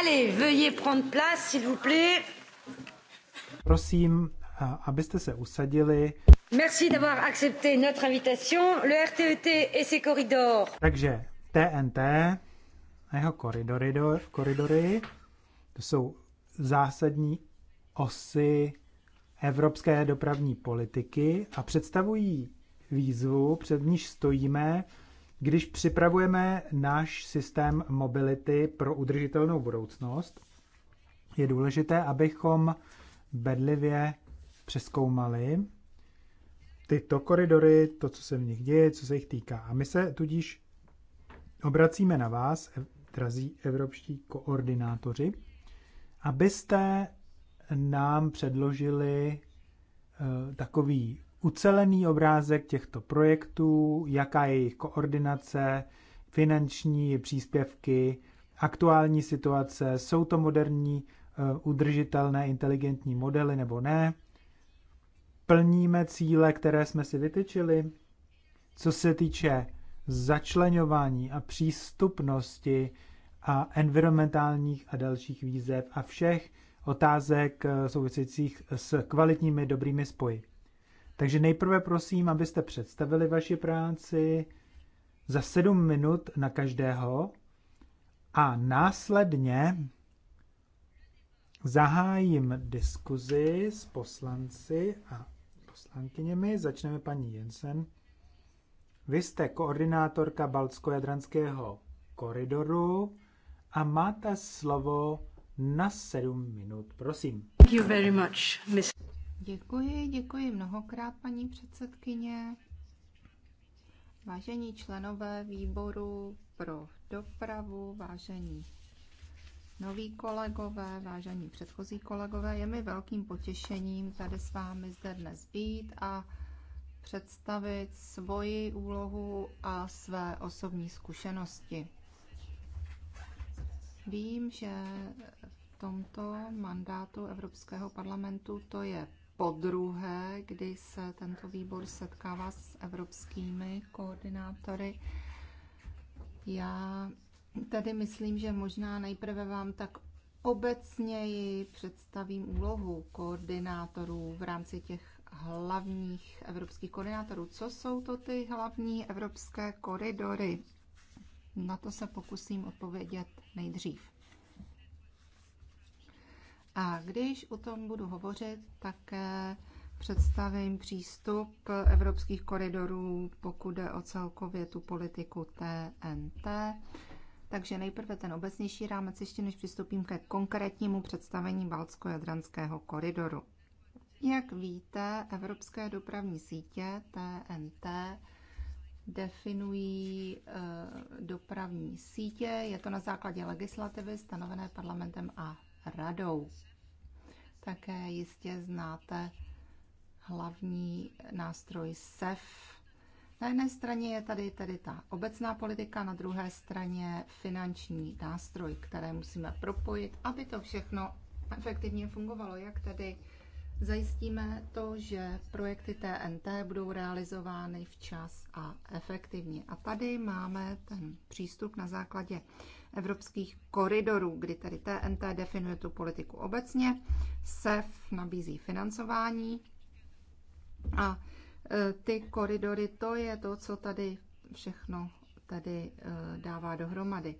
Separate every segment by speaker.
Speaker 1: Allez, veuillez prendre place, s'il vous plaît.
Speaker 2: Prosím, abyste se usadili.
Speaker 3: Merci d'avoir accepté notre invitation. Le RTET e et ses corridors.
Speaker 2: Takže TNT a jeho koridory, koridory to jsou zásadní osy evropské dopravní politiky a představují výzvu, před níž stojíme když připravujeme náš systém mobility pro udržitelnou budoucnost, je důležité, abychom bedlivě přeskoumali tyto koridory, to, co se v nich děje, co se jich týká. A my se tudíž obracíme na vás, drazí evropští koordinátoři, abyste nám předložili eh, takový ucelený obrázek těchto projektů, jaká je jejich koordinace, finanční příspěvky, aktuální situace, jsou to moderní, eh, udržitelné, inteligentní modely nebo ne, plníme cíle, které jsme si vytyčili, co se týče začlenování a přístupnosti a environmentálních a dalších výzev a všech otázek eh, souvisejících s kvalitními dobrými spoji. Takže nejprve prosím, abyste představili vaši práci za sedm minut na každého a následně zahájím diskuzi s poslanci a poslankyněmi. Začneme paní Jensen. Vy jste koordinátorka Baltsko-Jadranského koridoru a máte slovo na sedm minut. Prosím. Thank you very much, Ms.
Speaker 1: Děkuji, děkuji mnohokrát, paní předsedkyně. Vážení členové výboru pro dopravu, vážení noví kolegové, vážení předchozí kolegové, je mi velkým potěšením tady s vámi zde dnes být a představit svoji úlohu a své osobní zkušenosti. Vím, že v tomto mandátu Evropského parlamentu to je po druhé, kdy se tento výbor setkává s evropskými koordinátory. Já tady myslím, že možná nejprve vám tak obecněji představím úlohu koordinátorů v rámci těch hlavních evropských koordinátorů. Co jsou to ty hlavní evropské koridory? Na to se pokusím odpovědět nejdřív. A když o tom budu hovořit, také eh, představím přístup evropských koridorů, pokud jde o celkově tu politiku TNT. Takže nejprve ten obecnější rámec, ještě než přistoupím ke konkrétnímu představení balcko jadranského koridoru. Jak víte, evropské dopravní sítě TNT definují e, dopravní sítě. Je to na základě legislativy stanovené parlamentem a radou. Také jistě znáte hlavní nástroj SEF. Na jedné straně je tady tedy ta obecná politika, na druhé straně finanční nástroj, které musíme propojit, aby to všechno efektivně fungovalo, jak tedy Zajistíme to, že projekty TNT budou realizovány včas a efektivně. A tady máme ten přístup na základě evropských koridorů, kdy tedy TNT definuje tu politiku obecně, SEF nabízí financování a e, ty koridory, to je to, co tady všechno tady e, dává dohromady.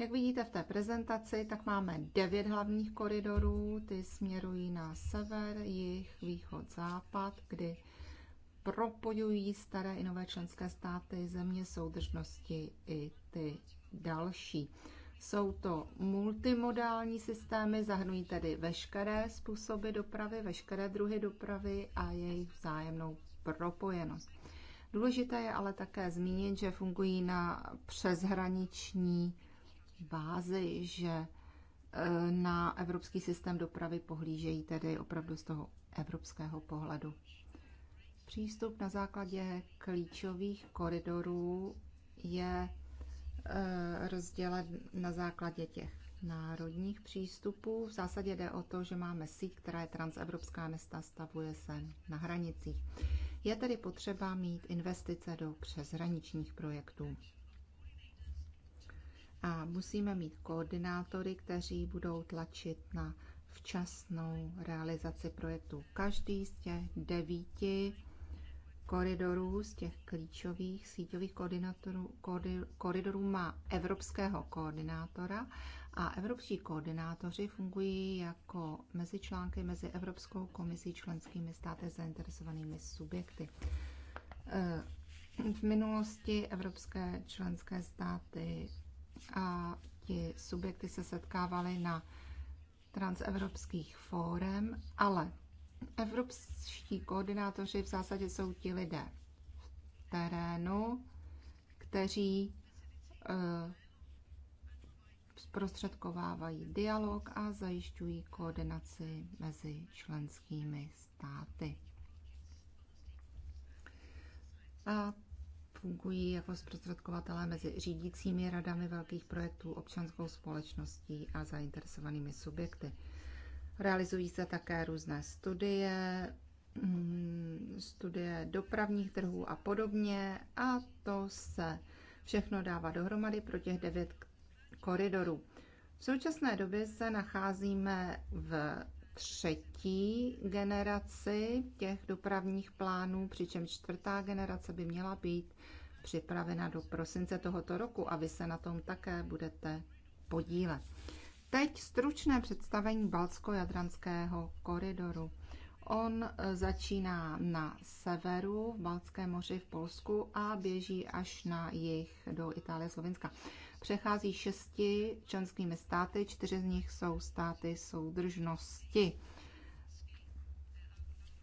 Speaker 1: Jak vidíte v té prezentaci, tak máme devět hlavních koridorů, ty směrují na sever, jih, východ, západ, kdy propojují staré i nové členské státy, země soudržnosti i ty další. Jsou to multimodální systémy, zahrnují tedy veškeré způsoby dopravy, veškeré druhy dopravy a jejich vzájemnou propojenost. Důležité je ale také zmínit, že fungují na přeshraniční bázi, že e, na evropský systém dopravy pohlížejí tedy opravdu z toho evropského pohledu. Přístup na základě klíčových koridorů je e, rozdělen na základě těch národních přístupů. V zásadě jde o to, že máme síť, která je transevropská, stavuje se na hranicích. Je tedy potřeba mít investice do přeshraničních projektů a musíme mít koordinátory, kteří budou tlačit na včasnou realizaci projektu. Každý z těch devíti koridorů, z těch klíčových síťových koordinátorů, koridorů má evropského koordinátora a evropští koordinátoři fungují jako mezičlánky mezi Evropskou komisí, členskými státy, zainteresovanými subjekty. Eh, v minulosti evropské členské státy a ti subjekty se setkávaly na transevropských fórem, ale evropští koordinátoři v zásadě jsou ti lidé v terénu, kteří eh, zprostředkovávají dialog a zajišťují koordinaci mezi členskými státy. A fungují jako zprostředkovatelé mezi řídícími radami velkých projektů, občanskou společností a zainteresovanými subjekty. Realizují se také různé studie, mm, studie dopravních trhů a podobně a to se všechno dává dohromady pro těch devět koridorů. V současné době se nacházíme v třetí generaci těch dopravních plánů, přičemž čtvrtá generace by měla být připravena do prosince tohoto roku a vy se na tom také budete podílet. Teď stručné představení Balsko-Jadranského koridoru. On e, začíná na severu v Balckém moři v Polsku a běží až na jih do Itálie, Slovenska přechází šesti členskými státy, čtyři z nich jsou státy soudržnosti.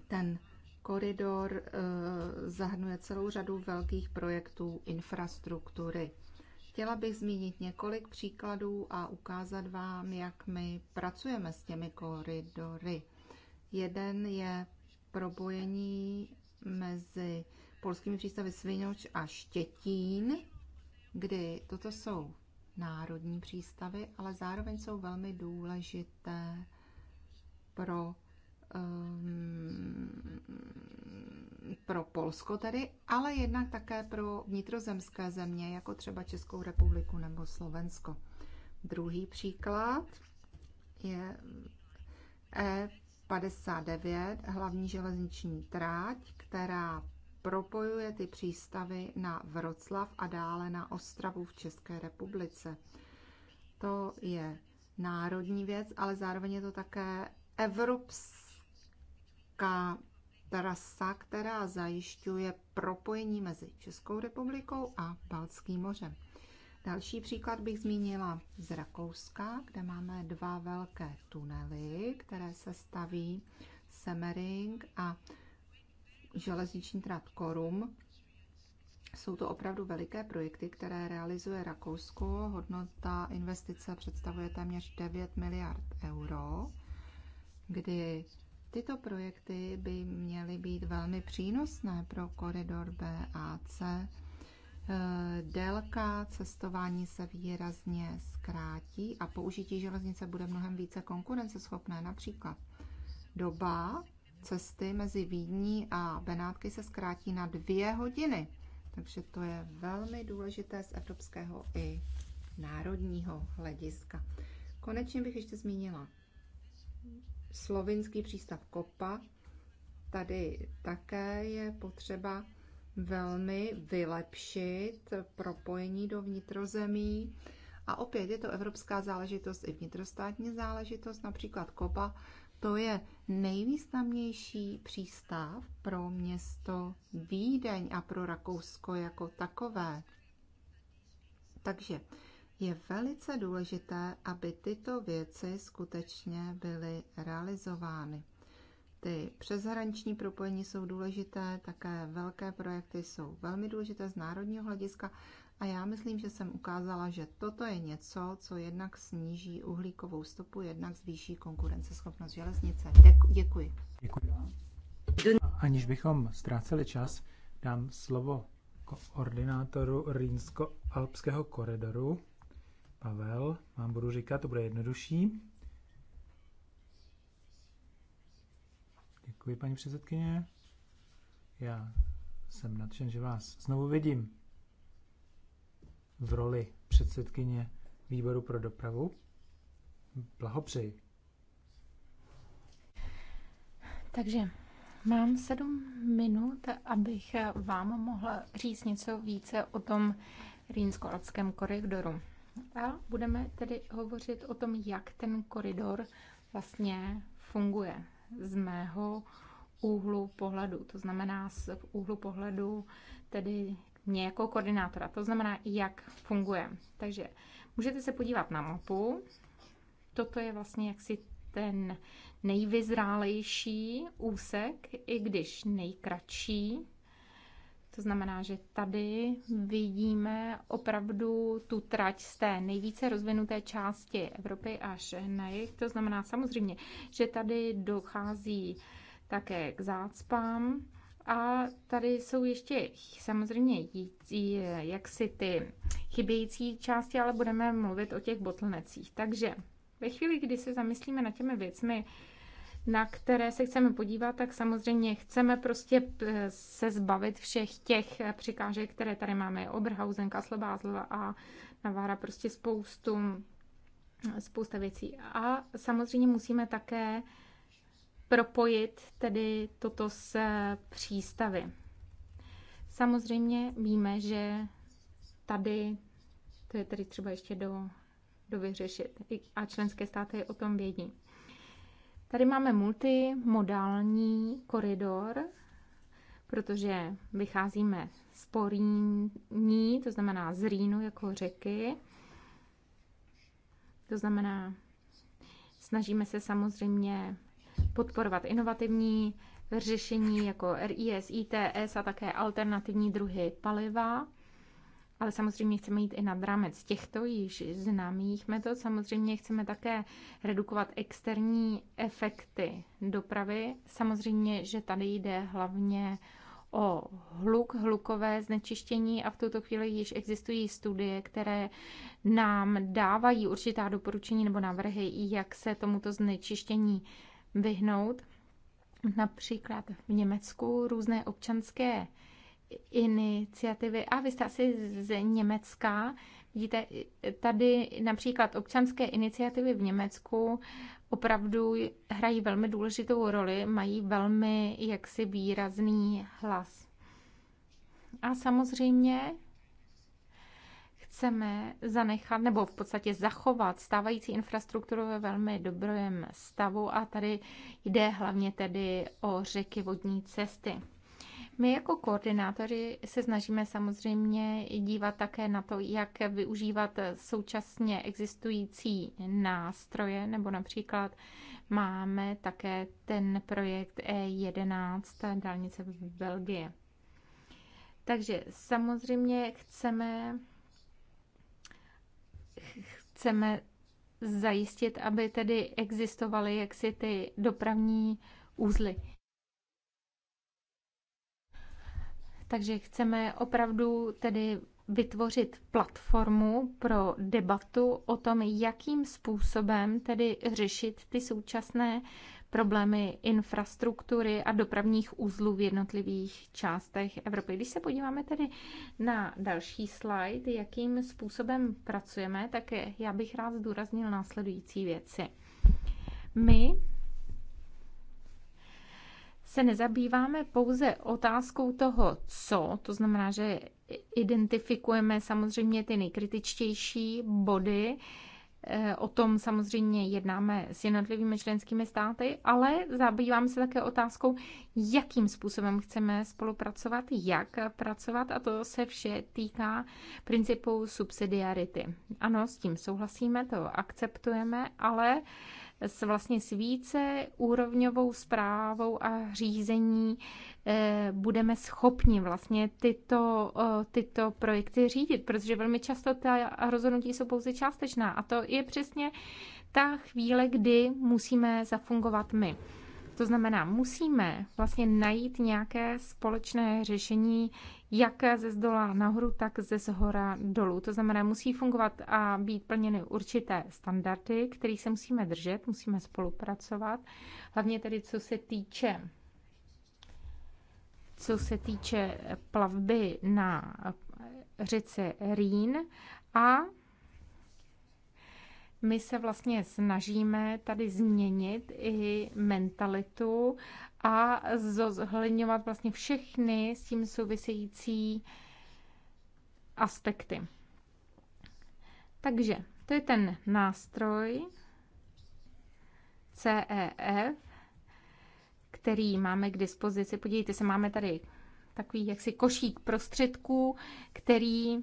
Speaker 1: Ten koridor e, zahrnuje celou řadu velkých projektů infrastruktury. Chtěla bych zmínit několik příkladů a ukázat vám, jak my pracujeme s těmi koridory. Jeden je probojení mezi polskými přístavy Svinoč a Štětín kdy toto jsou národní přístavy, ale zároveň jsou velmi důležité pro, um, pro Polsko tedy, ale jednak také pro vnitrozemské země, jako třeba Českou republiku nebo Slovensko. Druhý příklad je E59, hlavní železniční tráť, která propojuje ty přístavy na Vroclav a dále na Ostravu v České republice. To je národní věc, ale zároveň je to také evropská trasa, která zajišťuje propojení mezi Českou republikou a Balckým mořem. Další příklad bych zmínila z Rakouska, kde máme dva velké tunely, které se staví Semmering a železniční trať Korum. Jsou to opravdu veliké projekty, které realizuje Rakousko. Hodnota investice představuje téměř 9 miliard euro, kdy tyto projekty by měly být velmi přínosné pro koridor BAC. E, délka cestování se výrazně zkrátí a použití železnice bude mnohem více konkurenceschopné. Například doba cesty mezi Vídní a Benátky se zkrátí na dvě hodiny. Takže to je velmi důležité z evropského i národního hlediska. Konečně bych ještě zmínila slovinský přístav Kopa. Tady také je potřeba velmi vylepšit propojení do vnitrozemí. A opět je to evropská záležitost i vnitrostátní záležitost, například Kopa. To je nejvýznamnější přístav pro město Vídeň a pro Rakousko jako takové. Takže je velice důležité, aby tyto věci skutečně byly realizovány. Ty přeshraniční propojení jsou důležité, také velké projekty jsou velmi důležité z národního hlediska a já myslím, že jsem ukázala, že toto je něco, co jednak sníží uhlíkovou stopu, jednak zvýší konkurenceschopnost železnice. Děkuji.
Speaker 2: Děkuji Aniž bychom ztráceli čas, dám slovo koordinátoru Rýnsko-Alpského koridoru. Pavel, vám budu říkat, to bude jednodušší. Děkuji, paní předsedkyně. Já jsem nadšen, že vás znovu vidím v roli předsedkyně výboru pro dopravu. Blahopřeji.
Speaker 3: Takže mám sedm minut, abych vám mohla říct něco více o tom rýnsko-alpském koridoru. A budeme tedy hovořit o tom, jak ten koridor vlastně funguje z mého úhlu pohledu, to znamená z úhlu pohledu tedy mě jako koordinátora, to znamená, jak funguje. Takže můžete se podívat na mapu. Toto je vlastně jaksi ten nejvyzrálejší úsek, i když nejkratší. To znamená, že tady vidíme opravdu tu trať z té nejvíce rozvinuté části Evropy až na jich. To znamená samozřejmě, že tady dochází také k zácpám. A tady jsou ještě samozřejmě jaksi ty chybějící části, ale budeme mluvit o těch botlnecích. Takže ve chvíli, kdy se zamyslíme nad těmi věcmi, na které se chceme podívat, tak samozřejmě chceme prostě se zbavit všech těch překážek, které tady máme. Oberhausen, Kaslobázl a Navára prostě spoustu, spousta věcí. A samozřejmě musíme také propojit tedy toto s přístavy. Samozřejmě víme, že tady, to je tedy třeba ještě do, do vyřešit a členské státy o tom vědí. Tady máme multimodální koridor, protože vycházíme z Poríní, to znamená z Rýnu jako řeky. To znamená, snažíme se samozřejmě podporovat inovativní řešení jako RIS, ITS a také alternativní druhy paliva. Ale samozřejmě chceme jít i nad rámec těchto již známých metod. Samozřejmě chceme také redukovat externí efekty dopravy. Samozřejmě, že tady jde hlavně o hluk, hlukové znečištění a v tuto chvíli již existují studie, které nám dávají určitá doporučení nebo návrhy, jak se tomuto znečištění vyhnout. Například v Německu různé občanské iniciativy. A vy jste asi z Německa. Vidíte, tady například občanské iniciativy v Německu opravdu hrají velmi důležitou roli, mají velmi jaksi výrazný hlas. A samozřejmě chceme zanechat nebo v podstatě zachovat stávající infrastrukturu ve velmi dobrém stavu a tady jde hlavně tedy o řeky vodní cesty. My jako koordinátoři se snažíme samozřejmě dívat také na to, jak využívat současně existující nástroje, nebo například máme také ten projekt E11, dálnice v Belgii. Takže samozřejmě chceme chceme zajistit, aby tedy existovaly jaksi ty dopravní úzly. Takže chceme opravdu tedy vytvořit platformu pro debatu o tom, jakým způsobem tedy řešit ty současné problémy infrastruktury a dopravních uzlů v jednotlivých částech Evropy. Když se podíváme tedy na další slide, jakým způsobem pracujeme, tak já bych rád zdůraznil následující věci. My se nezabýváme pouze otázkou toho, co, to znamená, že identifikujeme samozřejmě ty nejkritičtější body, Eh, o tom samozřejmě jednáme s jednotlivými členskými státy, ale zabýváme se také otázkou, jakým způsobem chceme spolupracovat, jak pracovat a to se vše týká principu subsidiarity. Ano, s tím souhlasíme, to akceptujeme, ale s vlastně s více úrovňovou zprávou a řízení eh, budeme schopni vlastně tyto, eh, tyto projekty řídit, protože velmi často ta rozhodnutí jsou pouze částečná a to je přesně ta chvíle, kdy musíme zafungovat my. To znamená, musíme vlastně najít nějaké společné řešení, jak ze zdola nahoru, tak ze zhora dolů. To znamená, musí fungovat a být plněny určité standardy, kterých se musíme držet, musíme spolupracovat, hlavně tedy co se týče co se týče plavby na řece Rýn a my se vlastně snažíme tady změnit i mentalitu a zohledňovat vlastně všechny s tím související aspekty. Takže to je ten nástroj CEF, který máme k dispozici. Podívejte se, máme tady takový jaksi košík prostředků, který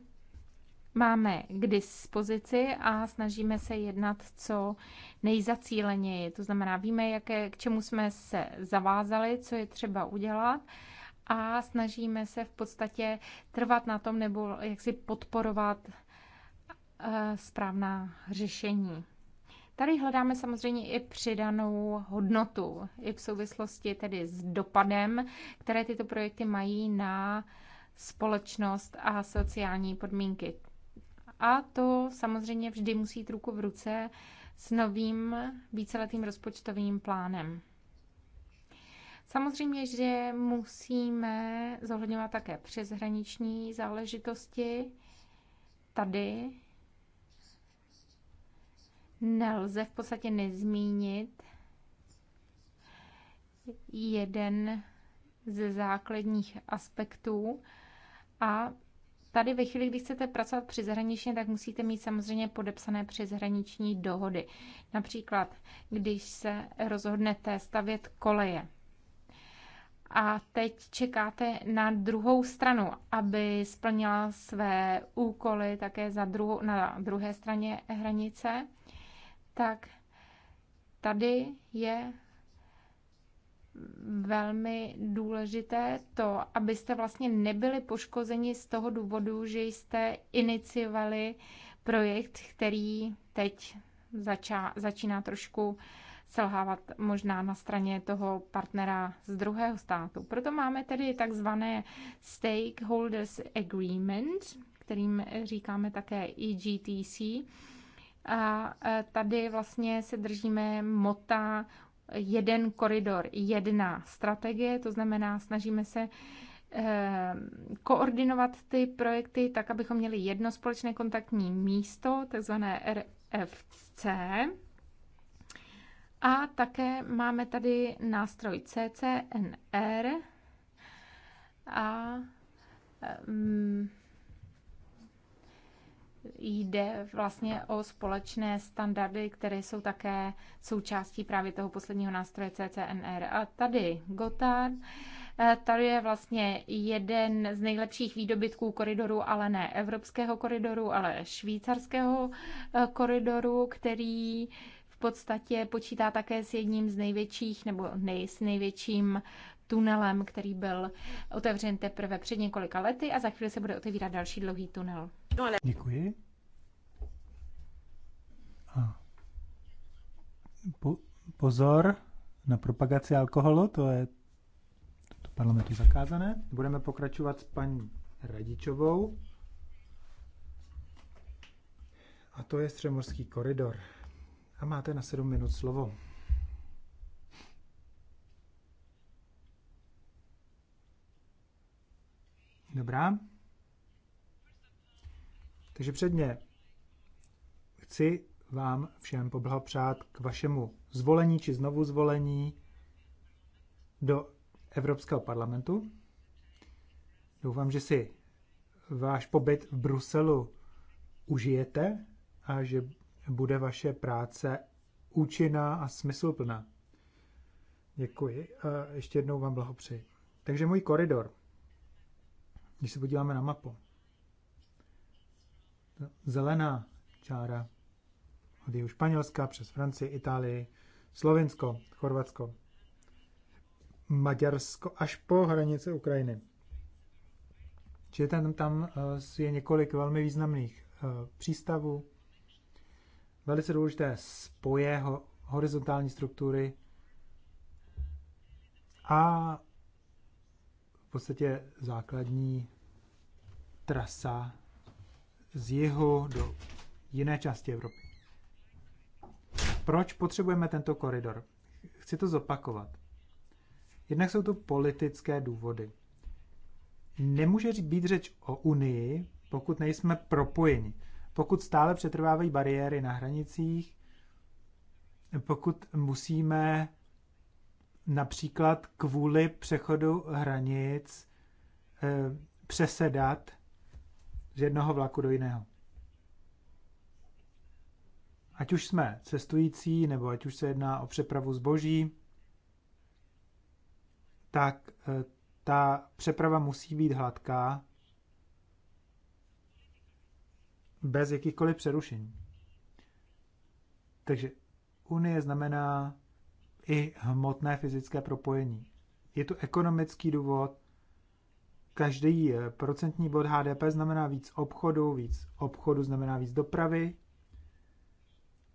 Speaker 3: máme k dispozici a snažíme se jednat co nejzacíleněji. To znamená, víme, jaké, k čemu jsme se zavázali, co je třeba udělat a snažíme se v podstatě trvat na tom nebo jak si podporovat eh, správná řešení. Tady hledáme samozřejmě i přidanou hodnotu, i v souvislosti tedy s dopadem, které tyto projekty mají na společnost a sociální podmínky. A to samozřejmě vždy musí jít ruku v ruce s novým víceletým rozpočtovým plánem. Samozřejmě, že musíme zohledňovat také přeshraniční záležitosti. Tady nelze v podstatě nezmínit jeden ze základních aspektů a Tady ve chvíli, kdy chcete pracovat přeshraničně, tak musíte mít samozřejmě podepsané přeshraniční dohody. Například, když se rozhodnete stavět koleje, a teď čekáte na druhou stranu, aby splnila své úkoly také za druhou, na druhé straně hranice, tak tady je velmi důležité to, abyste vlastně nebyli poškozeni z toho důvodu, že jste iniciovali projekt, který teď začá, začíná trošku selhávat možná na straně toho partnera z druhého státu. Proto máme tedy takzvané Stakeholders Agreement, kterým říkáme také EGTC. A e, tady vlastně se držíme mota jeden koridor, jedna strategie, to znamená, snažíme se eh, koordinovat ty projekty tak, abychom měli jedno společné kontaktní místo, takzvané RFC. A také máme tady nástroj CCNR a um, jde vlastně o společné standardy, které jsou také součástí právě toho posledního nástroje CCNR. A tady Gotthard, eh, tady je vlastně jeden z nejlepších výdobytků koridoru, ale ne evropského koridoru, ale švýcarského eh, koridoru, který v podstatě počítá také s jedním z největších nebo nej, s největším tunelem, který byl otevřen teprve před několika lety a za chvíli se bude otevírat další dlouhý tunel. No,
Speaker 2: Děkuji. A po, pozor na propagaci alkoholu, to je to parlamentu zakázané. Budeme pokračovat s paní Radičovou. A to je Střemorský koridor. A máte na 7 minut slovo. Dobrá. Takže předně chci vám všem poblahopřát k vašemu zvolení či znovu zvolení do Evropského parlamentu. Doufám, že si váš pobyt v Bruselu užijete a že bude vaše práce účinná a smysluplná. Děkuji a ještě jednou vám blahopřeji. Takže můj koridor. Když se podíváme na mapu, zelená čára od jihu Španělska přes Francii, Itálii, Slovensko, Chorvatsko, Maďarsko až po hranice Ukrajiny. Čili tam, tam eh, je několik velmi významných eh, přístavů, velice důležité spoje horizontální struktury a v podstatě základní trasa z jihu do jiné části Evropy. Proč potřebujeme tento koridor? Chci to zopakovat. Jednak jsou to politické důvody. Nemůže být řeč o Unii, pokud nejsme propojeni, pokud stále přetrvávají bariéry na hranicích, pokud musíme například kvůli přechodu hranic eh, přesedat z jednoho vlaku do jiného. Ať už jsme cestující, nebo ať už se jedná o přepravu zboží, tak eh, ta přeprava musí být hladká bez jakýchkoliv přerušení. Takže unie znamená i hmotné fyzické propojení. Je tu ekonomický důvod, Každý eh, procentní bod HDP znamená víc obchodu, víc obchodu znamená víc dopravy.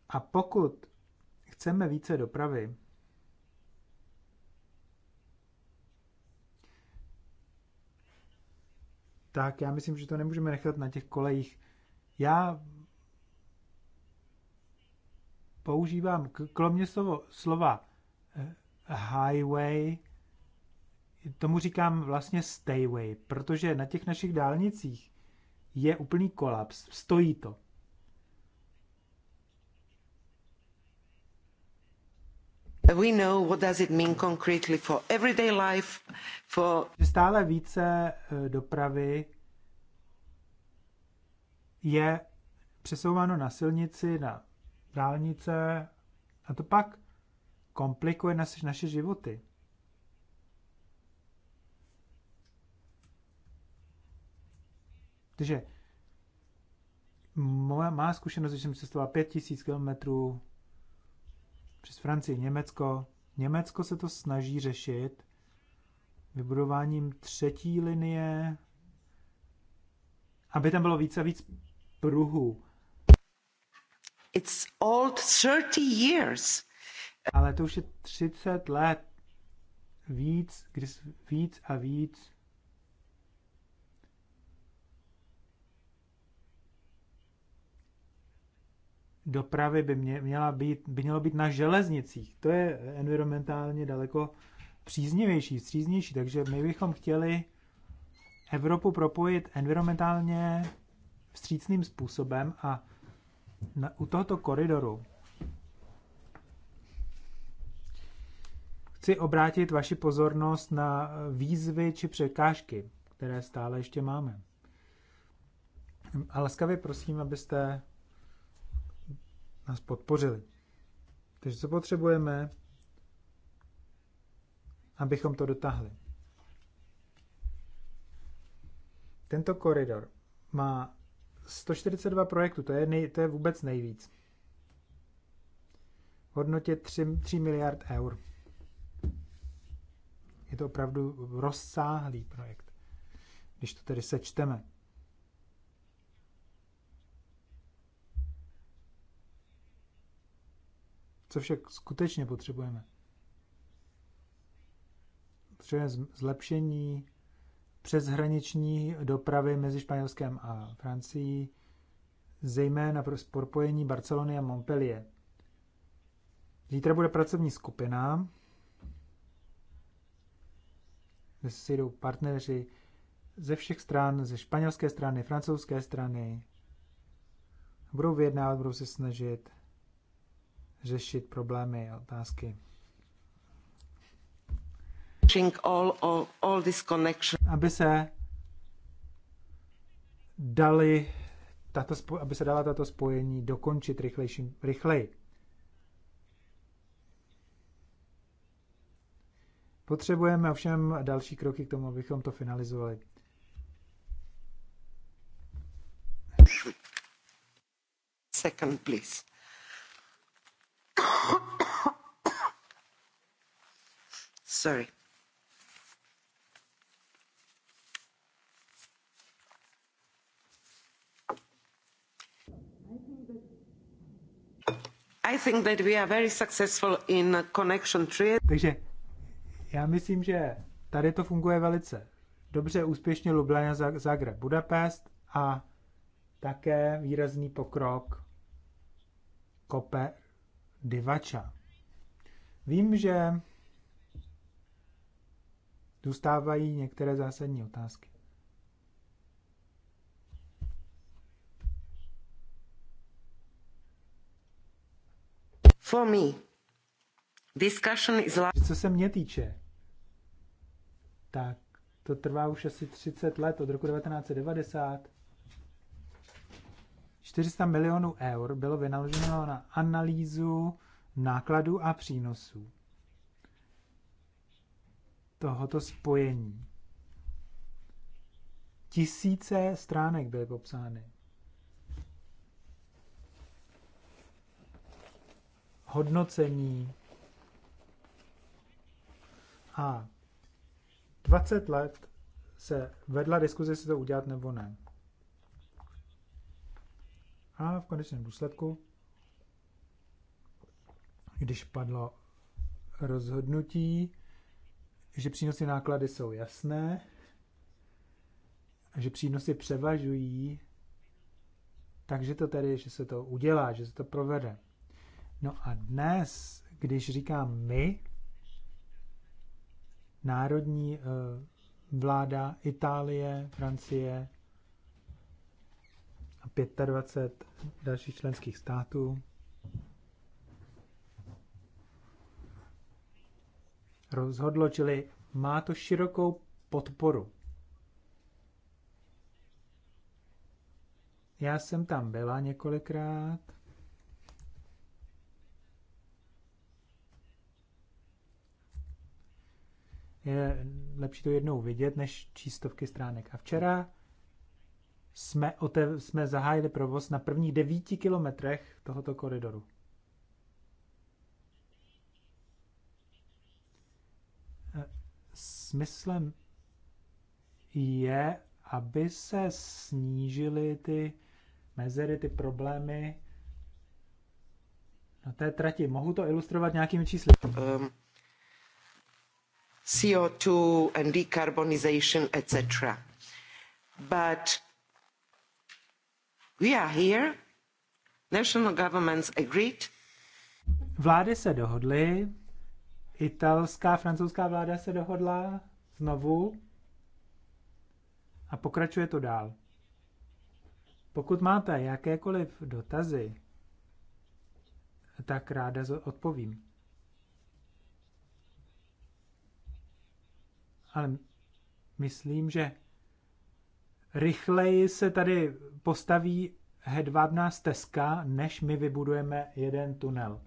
Speaker 2: A pokud chceme více dopravy, tak já myslím, že to nemůžeme nechat na těch kolejích. Já používám kromě slova eh, highway tomu říkám vlastně stayway, protože na těch našich dálnicích je úplný kolaps, stojí to. We know what does it mean concretely for everyday life, for... Stále více eh, dopravy je přesouváno na silnici, na dálnice a to pak komplikuje naše, naše životy. Takže moja, má zkušenost, že jsem cestoval 5000 km přes Francii, Německo. Německo se to snaží řešit vybudováním třetí linie, aby tam bylo více a víc pruhů. It's old 30 years. Ale to už je 30 let víc, víc a víc dopravy by mě, měla být, by mělo být na železnicích. To je environmentálně daleko příznivější, stříznější, takže my bychom chtěli Evropu propojit environmentálně vstřícným způsobem a na, u tohoto koridoru chci obrátit vaši pozornost na výzvy či překážky, které stále ještě máme. A laskavě prosím, abyste nás podpořili. Takže co potřebujeme, abychom to dotáhli? Tento koridor má 142 projektů, to je, nej, to je vůbec nejvíc. V hodnotě 3, 3 miliard eur. Je to opravdu rozsáhlý projekt, když to tedy sečteme. Co však skutečně potřebujeme? Potřebujeme zlepšení přeshraniční dopravy mezi Španělskem a Francií, zejména pro spojení Barcelony a Montpellier. Zítra bude pracovní skupina, kde se sejdou partneři ze všech stran, ze španělské strany, francouzské strany. Budou vyjednávat, budou se snažit řešit problémy a otázky. All, all, all this Aby se dali tato, aby se dala tato spojení dokončit rychlejším, rychleji. Potřebujeme ovšem další kroky k tomu, abychom to finalizovali. Second, please.
Speaker 1: Sorry. I think that we are very successful in connection tree.
Speaker 2: Takže já myslím, že tady to funguje velice dobře, úspěšně Lublana, Zagreb, Budapest a také výrazný pokrok Koper, divača. Vím, že zůstávají některé zásadní otázky. For me, discussion is... Co se mě týče, tak to trvá už asi 30 let od roku 1990. 400 milionů eur bylo vynaloženo na analýzu nákladů a přínosů tohoto spojení. Tisíce stránek byly popsány. Hodnocení. A 20 let se vedla diskuze, jestli to udělat nebo ne. A v konečném důsledku, když padlo rozhodnutí, že přínosy náklady jsou jasné, že přínosy převažují, takže to tedy, že se to udělá, že se to provede. No a dnes, když říkám my, národní eh, vláda Itálie, Francie, 25 dalších členských států. Rozhodlo, čili má to širokou podporu. Já jsem tam byla několikrát. Je lepší to jednou vidět, než čístovky stránek. A včera jsme, otev, jsme zahájili provoz na prvních devíti kilometrech tohoto koridoru. E, smyslem je, aby se snížily ty mezery, ty problémy na té trati. Mohu to ilustrovat nějakými čísly? Um, CO2 and decarbonization, etc. But
Speaker 1: We are here. National governments agreed.
Speaker 2: Vlády se dohodly, italská, francouzská vláda se dohodla znovu a pokračuje to dál. Pokud máte jakékoliv dotazy, tak ráda odpovím. Ale myslím, že rychleji se tady postaví hedvábná stezka, než my vybudujeme jeden tunel.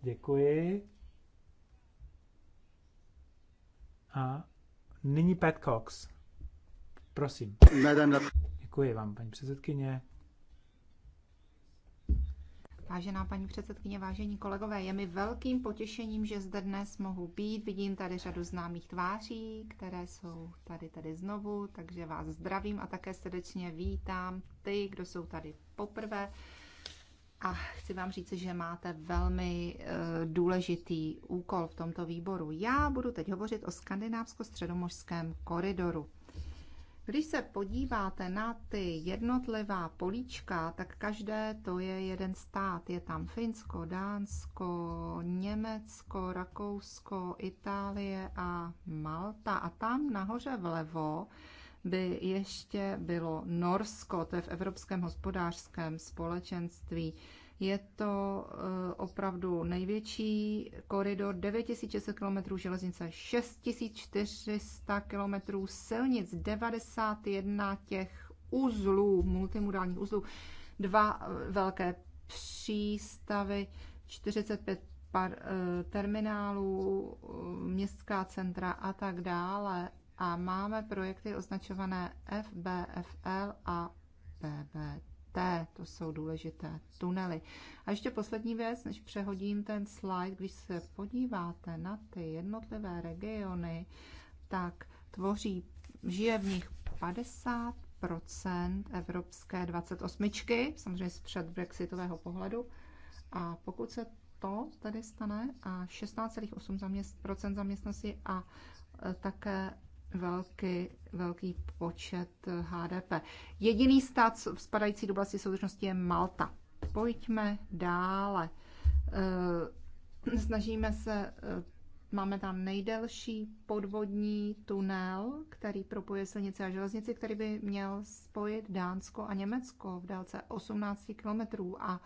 Speaker 2: Děkuji. A nyní Pat Cox. Prosím. Děkuji vám, paní předsedkyně.
Speaker 1: Vážená paní předsedkyně, vážení kolegové, je mi velkým potěšením, že zde dnes mohu být. Vidím tady řadu známých tváří, které jsou tady tady znovu, takže vás zdravím a také srdečně vítám ty, kdo jsou tady poprvé. A chci vám říct, že máte velmi e, důležitý úkol v tomto výboru. Já budu teď hovořit o skandinávsko-středomořském koridoru. Když se podíváte na ty jednotlivá políčka, tak každé to je jeden stát. Je tam Finsko, Dánsko, Německo, Rakousko, Itálie a Malta. A tam nahoře vlevo by ještě bylo Norsko, to je v Evropském hospodářském společenství. Je to eh, opravdu největší koridor 9600 km železnice, 6400 km silnic, 91 těch uzlů, multimodálních uzlů, dva eh, velké přístavy, 45 par, eh, terminálů, městská centra a tak dále. A máme projekty označované FBFL a PBT. T, to jsou důležité tunely. A ještě poslední věc, než přehodím ten slide, když se podíváte na ty jednotlivé regiony, tak tvoří, žije v nich 50 evropské 28, samozřejmě z před Brexitového pohledu. A pokud se to tady stane a 16,8% zaměstnanosti a e, také velký, velký počet HDP. Jediný stát spadající do oblasti soudržnosti je Malta. Pojďme dále. Eh, snažíme se, eh, máme tam nejdelší podvodní tunel, který propoje silnice a železnici, který by měl spojit Dánsko a Německo v délce 18 kilometrů a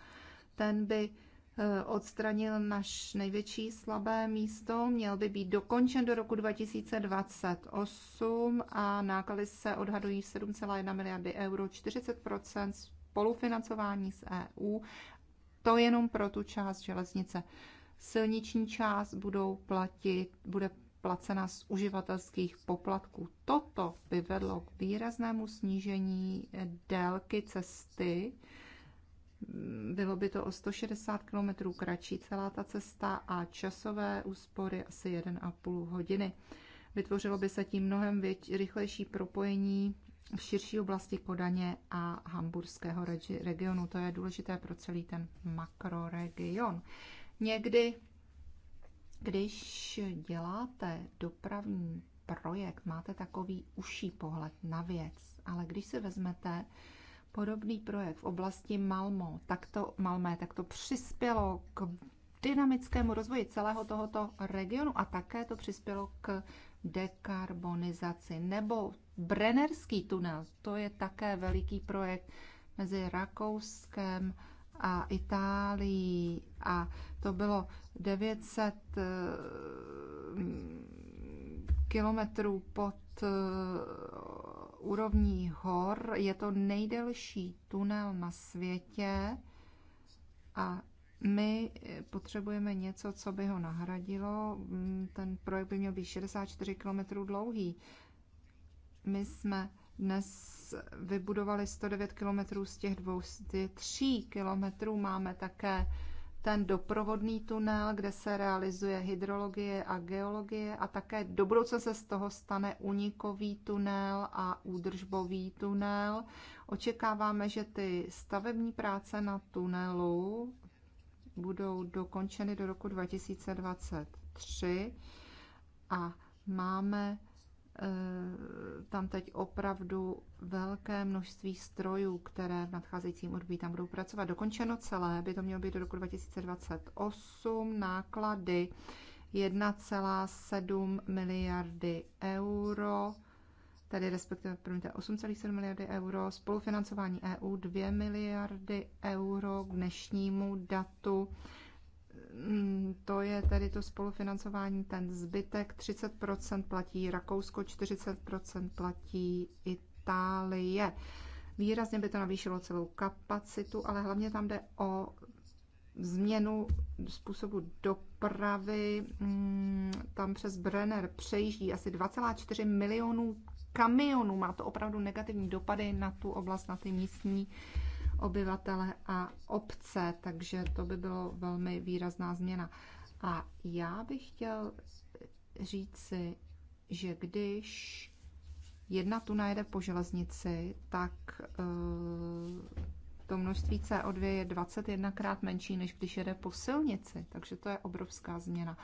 Speaker 1: ten by Eh, odstranil naš největší slabé místo, měl by být dokončen do roku 2028 a náklady se odhadují 7,1 miliardy euro, 40 spolufinancování z EU, to jenom pro tu část železnice. Silniční část budou platit, bude placena z uživatelských poplatků. Toto by vedlo k výraznému snížení délky cesty, bylo by to o 160 km kratší celá ta cesta a časové úspory asi 1,5 hodiny. Vytvořilo by se tím mnohem věť, rychlejší propojení v širší oblasti Kodaně a hamburského regionu. To je důležité pro celý ten makroregion. Někdy, když děláte dopravní projekt, máte takový užší pohled na věc, ale když si vezmete, Podobný projekt v oblasti Malmo, takto, Malmé, to přispělo k dynamickému rozvoji celého tohoto regionu a také to přispělo k dekarbonizaci. Nebo Brennerský tunel, to je také veliký projekt mezi Rakouskem a Itálií a to bylo 900 eh, kilometrů pod eh, úrovní hor. Je to nejdelší tunel na světě a my potřebujeme něco, co by ho nahradilo. Ten projekt by měl být 64 km dlouhý. My jsme dnes vybudovali 109 km z těch 203 km. Máme také ten doprovodný tunel, kde se realizuje hydrologie a geologie a také do budoucna se z toho stane unikový tunel a údržbový tunel. Očekáváme, že ty stavební práce na tunelu budou dokončeny do roku 2023 a máme Eh, tam teď opravdu velké množství strojů, které v nadcházejícím období tam budou pracovat. Dokončeno celé by to mělo být do roku 2028. Náklady 1,7 miliardy euro, tedy respektive 8,7 miliardy euro, spolufinancování EU 2 miliardy euro k dnešnímu datu. Mm, to je tedy to spolufinancování, ten zbytek 30% platí Rakousko, 40% platí Itálie. Výrazně by to navýšilo celou kapacitu, ale hlavně tam jde o změnu způsobu dopravy. Mm, tam přes Brenner přejíždí asi 2,4 milionů kamionů. Má to opravdu negativní dopady na tu oblast, na ty místní obyvatele a obce, takže to by bylo velmi výrazná změna. A já bych chtěl říci, že když jedna tuna jede po železnici, tak eh, to množství CO2 je 21krát menší, než když jede po silnici, takže to je obrovská změna.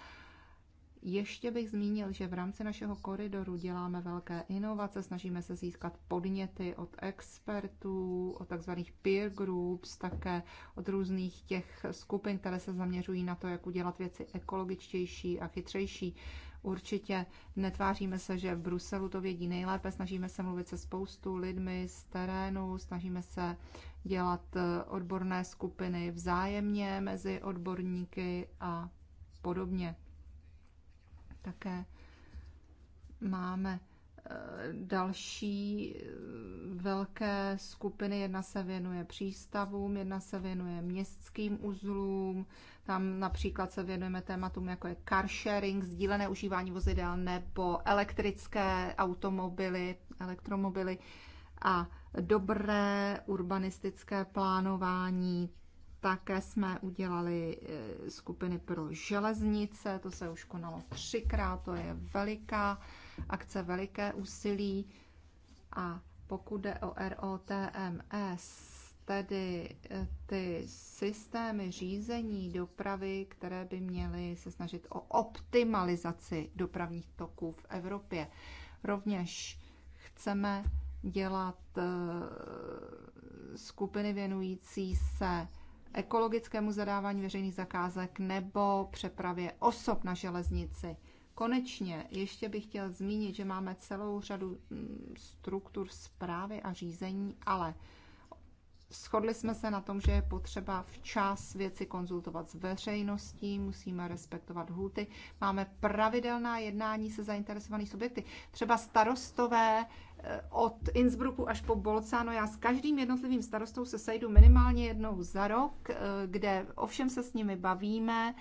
Speaker 1: Ještě bych zmínil, že v rámci našeho koridoru děláme velké inovace, snažíme se získat podněty od expertů, od takzvaných peer groups, také od různých těch skupin, které se zaměřují na to, jak udělat věci ekologičtější a chytřejší. Určitě netváříme se, že v Bruselu to vědí nejlépe, snažíme se mluvit se spoustu lidmi z terénu, snažíme se dělat eh, odborné skupiny vzájemně mezi odborníky a podobně. Také máme eh, další eh, velké skupiny. Jedna se věnuje přístavům, jedna se věnuje městským uzlům. Tam například se věnujeme tématům, jako je car sharing, sdílené užívání vozidel nebo elektrické automobily, elektromobily a dobré urbanistické plánování. Také jsme udělali eh, skupiny pro železnice, to se už konalo třikrát, to je veliká akce, veliké úsilí. A pokud jde o ROTMS, tedy eh, ty systémy řízení dopravy, které by měly se snažit o optimalizaci dopravních toků v Evropě. Rovněž chceme dělat eh, skupiny věnující se ekologickému zadávání veřejných zakázek nebo přepravě osob na železnici. Konečně ještě bych chtěl zmínit, že máme celou řadu mm, struktur zprávy a řízení, ale Shodli jsme se na tom, že je potřeba včas věci konzultovat s veřejností, musíme respektovat hůty. Máme pravidelná jednání se zainteresovanými subjekty. Třeba starostové eh, od Innsbrucku až po Bolcano. Já s každým jednotlivým starostou se sejdu minimálně jednou za rok, eh, kde ovšem se s nimi bavíme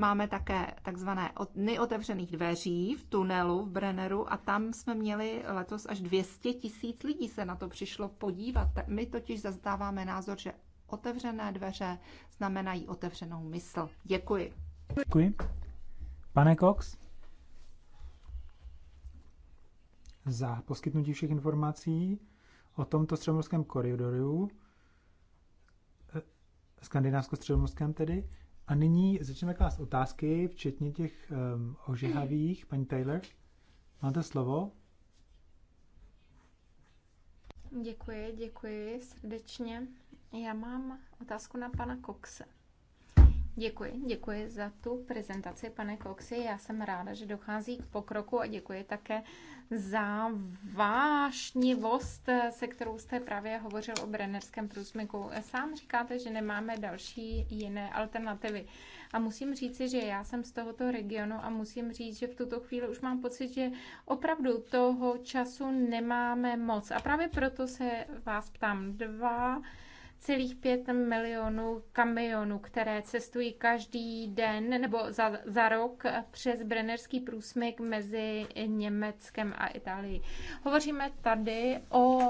Speaker 1: Máme také takzvané dny otevřených dveří v tunelu v Brenneru a tam jsme měli letos až 200 tisíc lidí se na to přišlo podívat. My totiž zastáváme názor, že otevřené dveře znamenají otevřenou mysl. Děkuji.
Speaker 2: Děkuji. Pane Cox? Za poskytnutí všech informací o tomto středomorském koridoru, eh, skandinávsko-středomorském tedy, a nyní začneme klást otázky, včetně těch um, ožehavých. Paní Taylor, máte slovo?
Speaker 3: Děkuji, děkuji srdečně. Já mám otázku na pana Coxe. Děkuji, děkuji za tu prezentaci, pane Coxy. Já jsem ráda, že dochází k pokroku a děkuji také za vášnivost, se kterou jste právě hovořil o brenerském průsmyku. Sám říkáte, že nemáme další jiné alternativy. A musím říci, že já jsem z tohoto regionu a musím říct, že v tuto chvíli už mám pocit, že opravdu toho času nemáme moc. A právě proto se vás ptám dva celých milionů kamionů, které cestují každý den nebo za, za rok přes Brennerský průsmyk mezi Německem a Itálií. Hovoříme tady o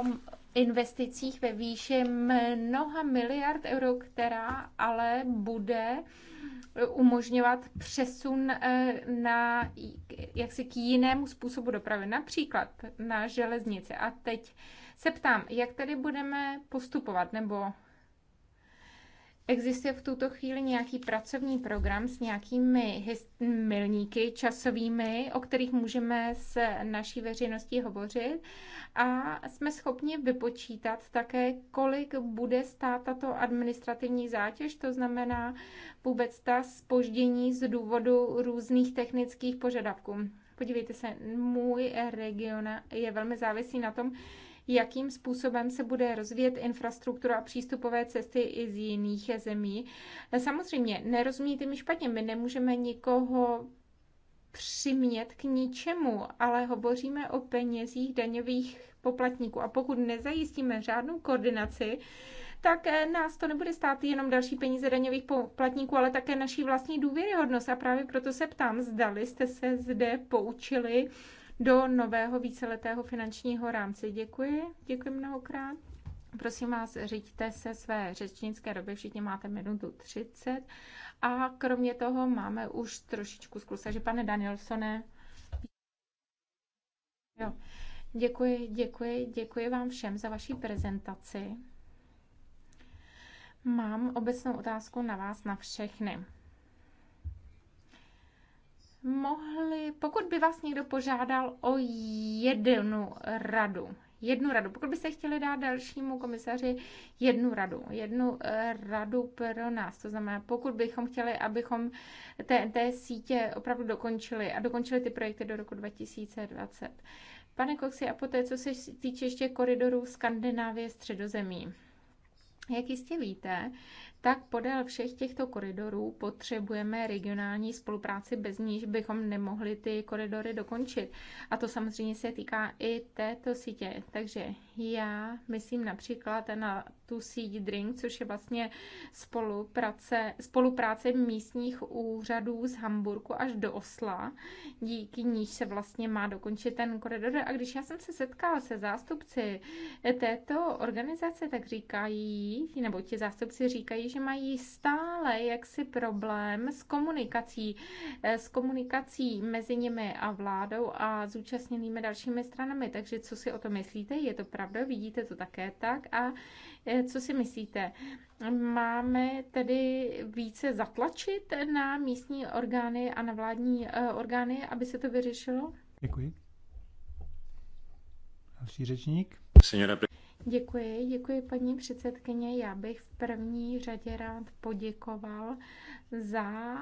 Speaker 3: investicích ve výši mnoha miliard euro, která ale bude umožňovat přesun eh, na, jaksi k jinému způsobu dopravy, například na železnici. A teď se ptám, jak tedy budeme postupovat, nebo Existuje v tuto chvíli nějaký pracovní program s nějakými milníky časovými, o kterých můžeme s naší veřejností hovořit a jsme schopni vypočítat také, kolik bude stát tato administrativní zátěž, to znamená vůbec ta spoždění z důvodu různých technických požadavků. Podívejte se, můj region je velmi závislý na tom, jakým způsobem se bude rozvíjet infrastruktura a přístupové cesty i z jiných zemí. Samozřejmě, nerozumíte mi špatně, my nemůžeme nikoho přimět k ničemu, ale hovoříme o penězích daňových poplatníků. A pokud nezajistíme žádnou koordinaci, tak eh, nás to nebude stát jenom další peníze daňových poplatníků, ale také naší vlastní důvěryhodnost. A právě proto se ptám, zdali jste se zde poučili do nového víceletého finančního rámce. Děkuji, děkuji mnohokrát. Prosím vás, řiďte se své řečnické doby, všichni máte minutu 30. A kromě toho máme už trošičku sklus, že pane Danielsone. Jo. Děkuji, děkuji, děkuji vám všem za vaši prezentaci. Mám obecnou otázku na vás, na všechny mohli, pokud by vás někdo požádal o jednu radu, jednu radu, pokud byste chtěli dát dalšímu komisaři jednu radu, jednu eh, radu pro nás, to znamená, pokud bychom chtěli, abychom té, té sítě opravdu dokončili a dokončili ty projekty do roku 2020. Pane Koxi, a poté, co se týče ještě koridorů Skandinávie, Středozemí, jak jistě víte, tak podél všech těchto koridorů potřebujeme regionální spolupráci, bez níž bychom nemohli ty koridory dokončit. A to samozřejmě se týká i této sítě. Takže já myslím například na tu síť Drink, což je vlastně spolupráce, spolupráce místních úřadů z Hamburgu až do Osla, díky níž se vlastně má dokončit ten koridor. A když já jsem se setkala se zástupci této organizace, tak říkají, nebo ti zástupci říkají, že mají stále jaksi problém s komunikací, eh, s komunikací mezi nimi a vládou a zúčastněnými dalšími stranami. Takže co si o to myslíte? Je to pravda? pravda? Vidíte to také tak? A e, co si myslíte? Máme tedy více zatlačit na místní orgány a na vládní e, orgány, aby se to vyřešilo?
Speaker 2: Děkuji. Další řečník.
Speaker 3: Děkuji, děkuji paní předsedkyně. Já bych v první řadě rád poděkoval za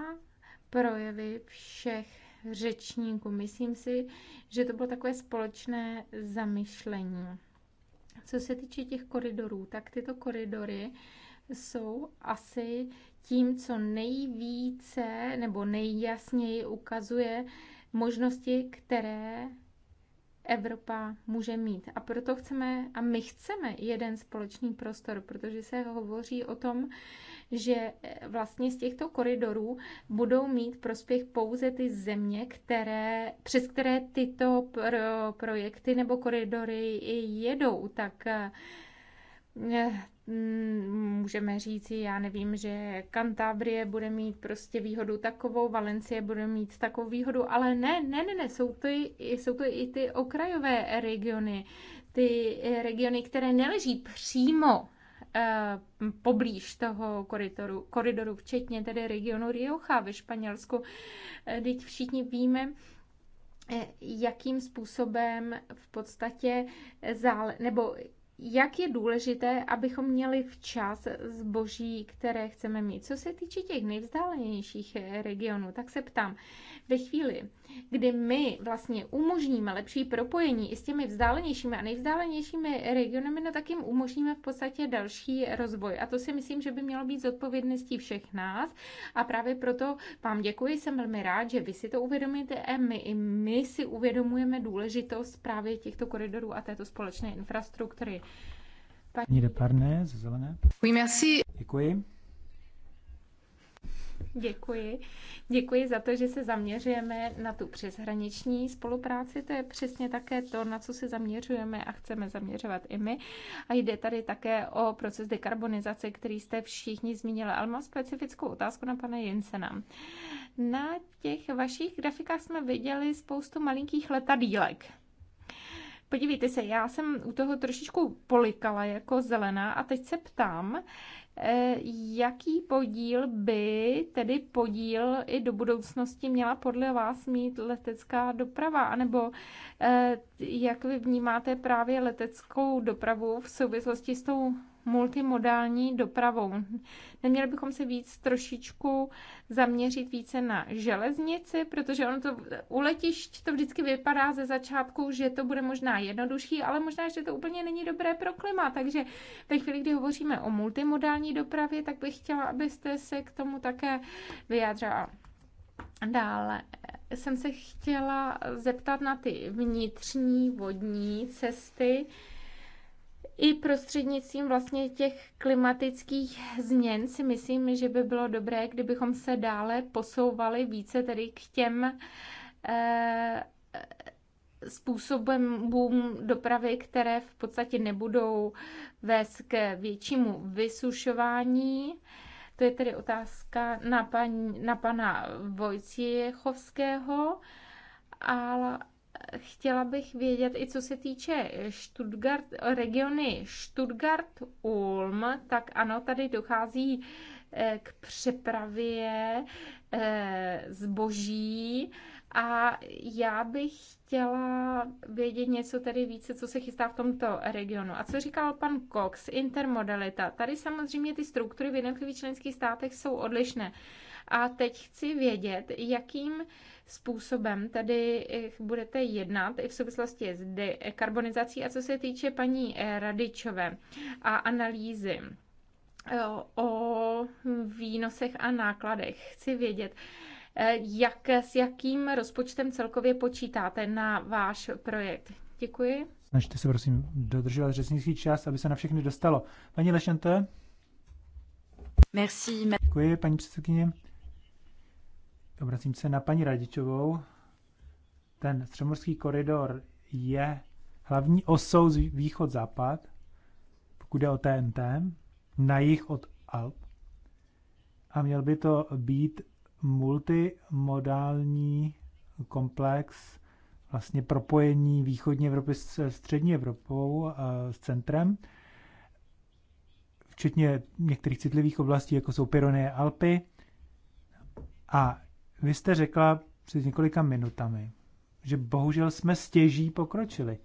Speaker 3: projevy všech řečníků. Myslím si, že to bylo takové společné zamyšlení. Co se týče těch koridorů, tak tyto koridory jsou asi tím, co nejvíce nebo nejjasněji ukazuje možnosti, které Evropa může mít. A proto chceme, a my chceme jeden společný prostor, protože se hovoří o tom, že eh, vlastně z těchto koridorů budou mít prospěch pouze ty země, které, přes které tyto pro, projekty nebo koridory jedou. Tak eh, mm, můžeme říci, já nevím, že Kantábrie bude mít prostě výhodu takovou, Valencie bude mít takovou výhodu, ale ne, ne, ne, ne, jsou to i, jsou to i ty okrajové regiony, ty eh, regiony, které neleží přímo Eh, poblíž toho koridoru, koridoru včetně tedy regionu Rioja ve Španělsku. Eh, teď všichni víme, eh, jakým způsobem v podstatě zále, nebo jak je důležité, abychom měli včas zboží, které chceme mít. Co se týče těch nejvzdálenějších regionů, tak se ptám, ve chvíli, kdy my vlastně umožníme lepší propojení i s těmi vzdálenějšími a nejvzdálenějšími regiony, no tak jim umožníme v podstatě další rozvoj. A to si myslím, že by mělo být zodpovědností všech nás. A právě proto vám děkuji, jsem velmi rád, že vy si to uvědomíte a my i my si uvědomujeme důležitost právě těchto koridorů a této společné infrastruktury.
Speaker 2: Pani Deparné, Zelené. Děkuji.
Speaker 3: Děkuji. Děkuji za to, že se zaměřujeme na tu přeshraniční spolupráci. To je přesně také to, na co se zaměřujeme a chceme zaměřovat i my. A jde tady také o proces dekarbonizace, který jste všichni zmínili. Ale mám specifickou otázku na pana Jensena. Na těch vašich grafikách jsme viděli spoustu malinkých letadílek. Podívejte se, já jsem u toho trošičku polikala jako zelená a teď se ptám, E, jaký podíl by tedy podíl i do budoucnosti měla podle vás mít letecká doprava? A nebo e, jak vy vnímáte právě leteckou dopravu v souvislosti s tou multimodální dopravou. Neměli bychom se víc trošičku zaměřit více na železnici, protože ono to u letišť to vždycky vypadá ze začátku, že to bude možná jednodušší, ale možná, že to úplně není dobré pro klima. Takže ve chvíli, kdy hovoříme o multimodální dopravě, tak bych chtěla, abyste se k tomu také vyjádřila. Dále jsem se chtěla zeptat na ty vnitřní vodní cesty i prostřednictvím vlastně těch klimatických změn si myslím, že by bylo dobré, kdybychom se dále posouvali více tedy k těm eh, způsobem dopravy, které v podstatě nebudou vést k většímu vysušování. To je tedy otázka na, paní, na pana Vojciechovského. A chtěla bych vědět i co se týče Stuttgart, regiony Stuttgart-Ulm, tak ano, tady dochází eh, k přepravě eh, zboží a já bych chtěla vědět něco tedy více, co se chystá v tomto regionu. A co říkal pan Cox, intermodalita. Tady samozřejmě ty struktury v jednotlivých členských státech jsou odlišné. A teď chci vědět, jakým způsobem tady eh, budete jednat i v souvislosti s dekarbonizací a co se týče paní eh, Radičové a analýzy eh, o výnosech a nákladech. Chci vědět, jak, s jakým rozpočtem celkově počítáte na váš projekt. Děkuji.
Speaker 2: Snažte se prosím dodržovat řečnický čas, aby se na všechny dostalo. Paní Lešente. Merci. Děkuji, paní předsedkyně. Obracím se na paní Radičovou. Ten střemorský koridor je hlavní osou z východ-západ, pokud jde o TNT, na jih od Alp. A měl by to být multimodální komplex vlastně propojení východní Evropy se střední Evropou, eh, s centrem, včetně některých citlivých oblastí, jako jsou Pyreneje Alpy. A vy jste řekla před několika minutami, že bohužel jsme stěží pokročili.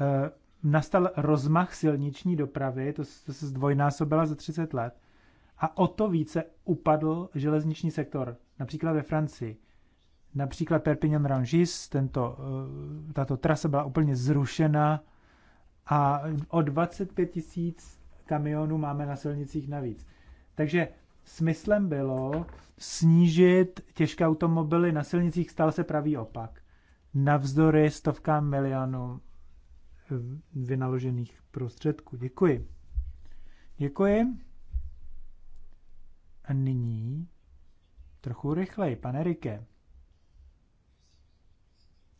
Speaker 2: E, nastal rozmach silniční dopravy, to, to se zdvojnásobila za 30 let, a o to více upadl železniční sektor, například ve Francii. Například Perpignan Rangis, tento, eh, tato trasa byla úplně zrušena a o 25 tisíc kamionů máme na silnicích navíc. Takže smyslem bylo snížit těžké automobily na silnicích, stal se pravý opak. Navzdory stovkám milionů vynaložených prostředků. Děkuji. Děkuji. A nyní trochu rychleji, pane Rike.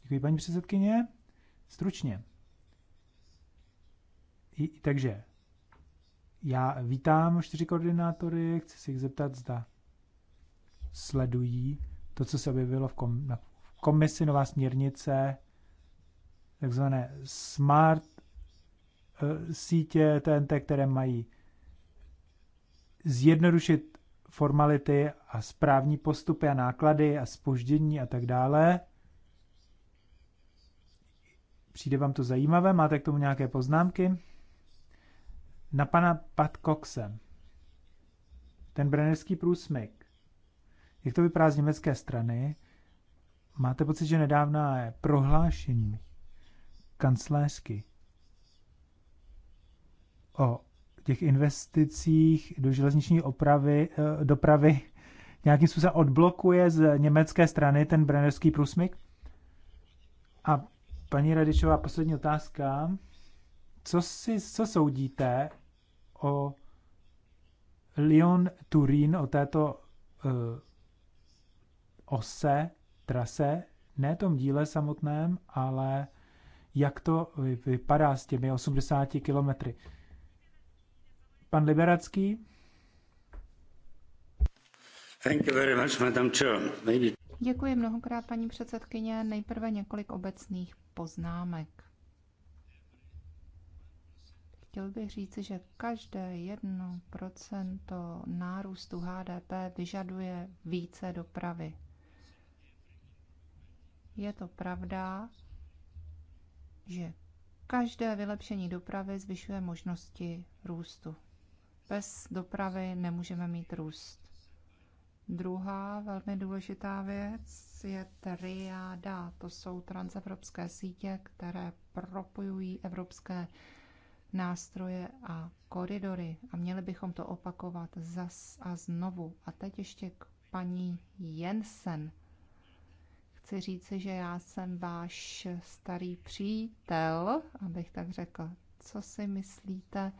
Speaker 2: Děkuji, paní předsedkyně. Stručně. I, takže já vítám čtyři koordinátory, chci se jich zeptat, zda sledují to, co se objevilo v, kom, na, v komisi Nová směrnice, takzvané smart uh, sítě TNT, které mají zjednodušit formality a správní postupy a náklady a spoždění a tak dále. Přijde vám to zajímavé? Máte k tomu nějaké poznámky? na pana Pat Coxe. Ten brenerský průsmyk. Jak to vypadá z německé strany? Máte pocit, že nedávná prohlášení kancelářsky o těch investicích do železniční opravy, eh, dopravy nějakým způsobem odblokuje z německé strany ten brenerský průsmyk? A paní Radičová, poslední otázka. Co, si, co soudíte o Lyon-Turín, o této uh, ose, trase, ne tom díle samotném, ale jak to vypadá s těmi 80 kilometry. Pan Liberacký? Thank you very much, Madam Chair. Maybe...
Speaker 1: Děkuji mnohokrát, paní předsedkyně. Nejprve několik obecných poznámek. Chtěl bych říci, že každé jedno procento nárůstu HDP vyžaduje více dopravy. Je to pravda, že každé vylepšení dopravy zvyšuje možnosti růstu. Bez dopravy nemůžeme mít růst. Druhá velmi důležitá věc je triáda. To jsou transevropské sítě, které propojují evropské nástroje a koridory a měli bychom to opakovat zas a znovu. A teď ještě k paní Jensen. Chci říci, že já jsem váš starý přítel, abych tak řekl. Co si myslíte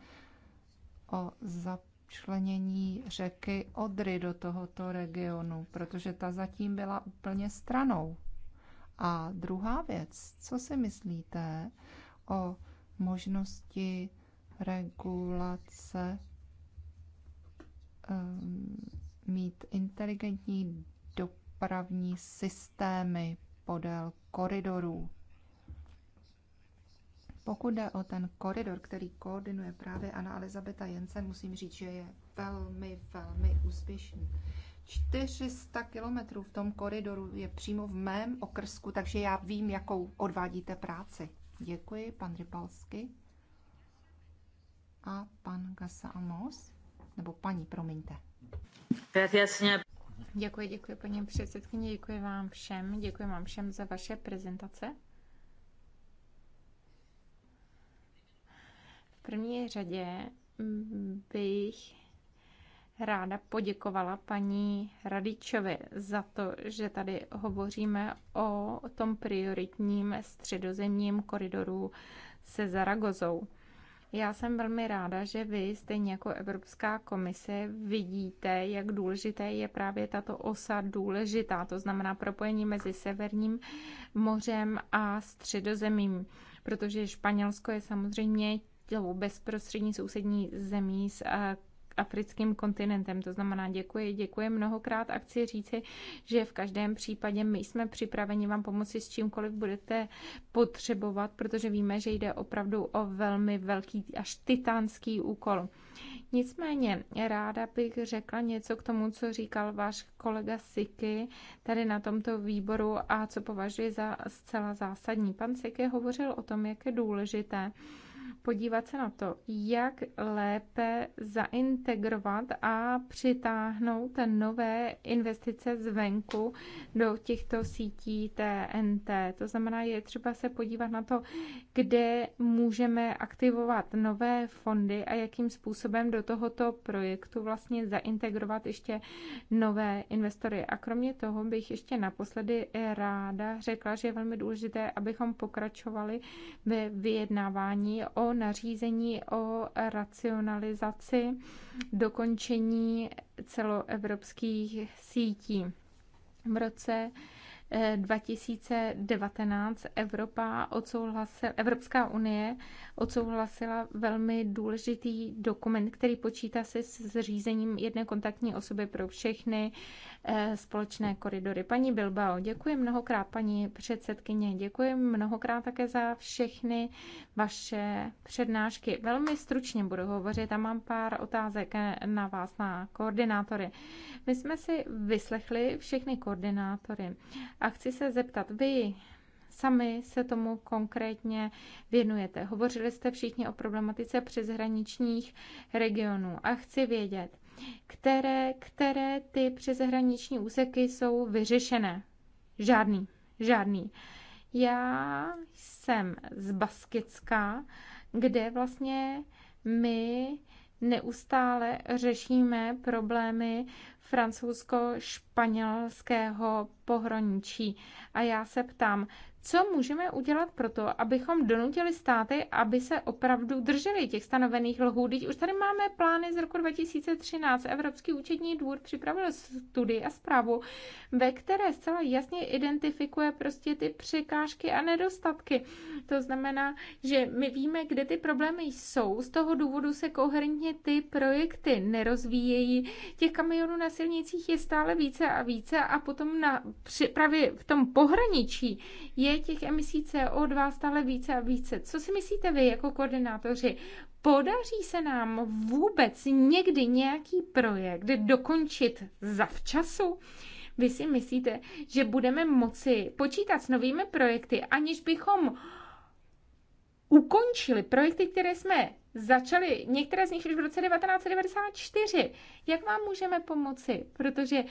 Speaker 1: o začlenění řeky Odry do tohoto regionu? Protože ta zatím byla úplně stranou. A druhá věc, co si myslíte o možnosti regulace, eh, mít inteligentní dopravní systémy podél koridorů. Pokud jde o ten koridor, který koordinuje právě Anna Elizabeta Jensen, musím říct, že je velmi, velmi úspěšný. 400 kilometrů v tom koridoru je přímo v mém okrsku, takže já vím, jakou odvádíte práci. Děkuji, pan Rybalsky a pan Gasa Amos, nebo paní, promiňte.
Speaker 3: Jasně. Děkuji, děkuji paní předsedkyně, děkuji vám všem, děkuji vám všem za vaše prezentace. V první řadě bych ráda poděkovala paní Radičovi za to, že tady hovoříme o tom prioritním středozemním koridoru se Zaragozou. Já jsem velmi ráda, že vy, stejně jako Evropská komise, vidíte, jak důležité je právě tato osa důležitá, to znamená propojení mezi Severním mořem a Středozemím, protože Španělsko je samozřejmě bezprostřední sousední zemí s eh, africkým kontinentem. To znamená, děkuji, děkuji mnohokrát a chci říci, že v každém případě my jsme připraveni vám pomoci s čímkoliv budete potřebovat, protože víme, že jde opravdu o velmi velký až titánský úkol. Nicméně ráda bych řekla něco k tomu, co říkal váš kolega Siky tady na tomto výboru a co považuji za zcela zásadní. Pan Siky hovořil o tom, jak je důležité, podívat se na to, jak lépe zaintegrovat a přitáhnout nové investice zvenku do těchto sítí TNT. To znamená, je třeba se podívat na to, kde můžeme aktivovat nové fondy a jakým způsobem do tohoto projektu vlastně zaintegrovat ještě nové investory. A kromě toho bych ještě naposledy ráda řekla, že je velmi důležité, abychom pokračovali ve vyjednávání o nařízení o racionalizaci dokončení celoevropských sítí. V roce 2019 Evropa odsouhlasila, Evropská unie odsouhlasila velmi důležitý dokument, který počítá se s zřízením jedné kontaktní osoby pro všechny eh, společné koridory. Paní Bilbao, děkuji mnohokrát, paní předsedkyně, děkuji mnohokrát také za všechny vaše přednášky. Velmi stručně budu hovořit a mám pár otázek na vás, na koordinátory. My jsme si vyslechli všechny koordinátory a chci se zeptat, vy sami se tomu konkrétně věnujete. Hovořili jste všichni o problematice přeshraničních regionů a chci vědět, které, které ty přeshraniční úseky jsou vyřešené. Žádný, žádný. Já jsem z Baskicka, kde vlastně my neustále řešíme problémy francouzsko-španělské španělského pohraničí. A já se ptám, co můžeme udělat pro to, abychom donutili státy, aby se opravdu drželi těch stanovených lhů? Teď už tady máme plány z roku 2013. Evropský účetní dvůr připravil studii a zprávu, ve které zcela jasně identifikuje prostě ty překážky a nedostatky. To znamená, že my víme, kde ty problémy jsou. Z toho důvodu se koherentně ty projekty nerozvíjejí. Těch kamionů na silnicích je stále více více a více a potom na, při, právě v tom pohraničí je těch emisí CO2 stále více a více. Co si myslíte vy jako koordinátoři? Podaří se nám vůbec někdy nějaký projekt dokončit zavčasu? Vy si myslíte, že budeme moci počítat s novými projekty, aniž bychom ukončili projekty, které jsme začali, některé z nich už v roce 1994. Jak vám můžeme pomoci? Protože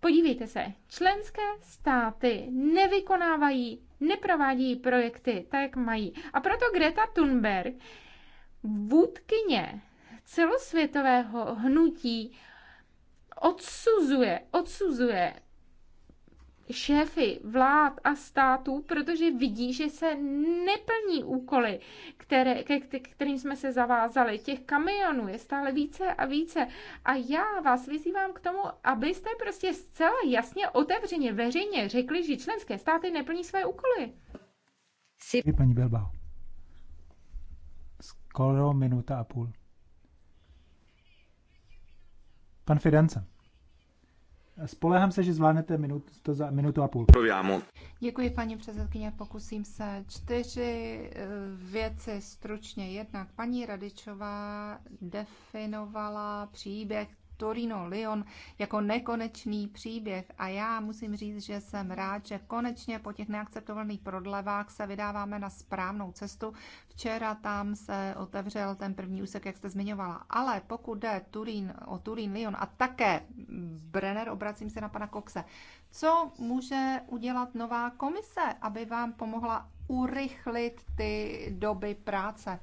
Speaker 3: Podívejte se, členské státy nevykonávají, neprovádějí projekty tak, jak mají. A proto Greta Thunberg, vůdkyně celosvětového hnutí, odsuzuje, odsuzuje šéfy vlád a států, protože vidí, že se neplní úkoly, které, ke, kterým jsme se zavázali. Těch kamionů je stále více a více. A já vás vyzývám k tomu, abyste prostě zcela jasně, otevřeně, veřejně řekli, že členské státy neplní své úkoly.
Speaker 2: Si... Paní Bilbao, skoro minuta a půl. Pan Fidanca. Spolehám se, že zvládnete minut, to za minutu a půl.
Speaker 1: Děkuji, paní předsedkyně. Pokusím se čtyři eh, věci stručně. Jednak paní Radičová definovala příběh Torino, Lyon jako nekonečný příběh a já musím říct, že jsem rád, že konečně po těch neakceptovaných prodlevách se vydáváme na správnou cestu. Včera tam se otevřel ten první úsek, jak jste zmiňovala, ale pokud jde Turín, o Turín, Lyon a také Brenner, obracím se na pana Koxe, co může udělat nová komise, aby vám pomohla urychlit ty doby práce?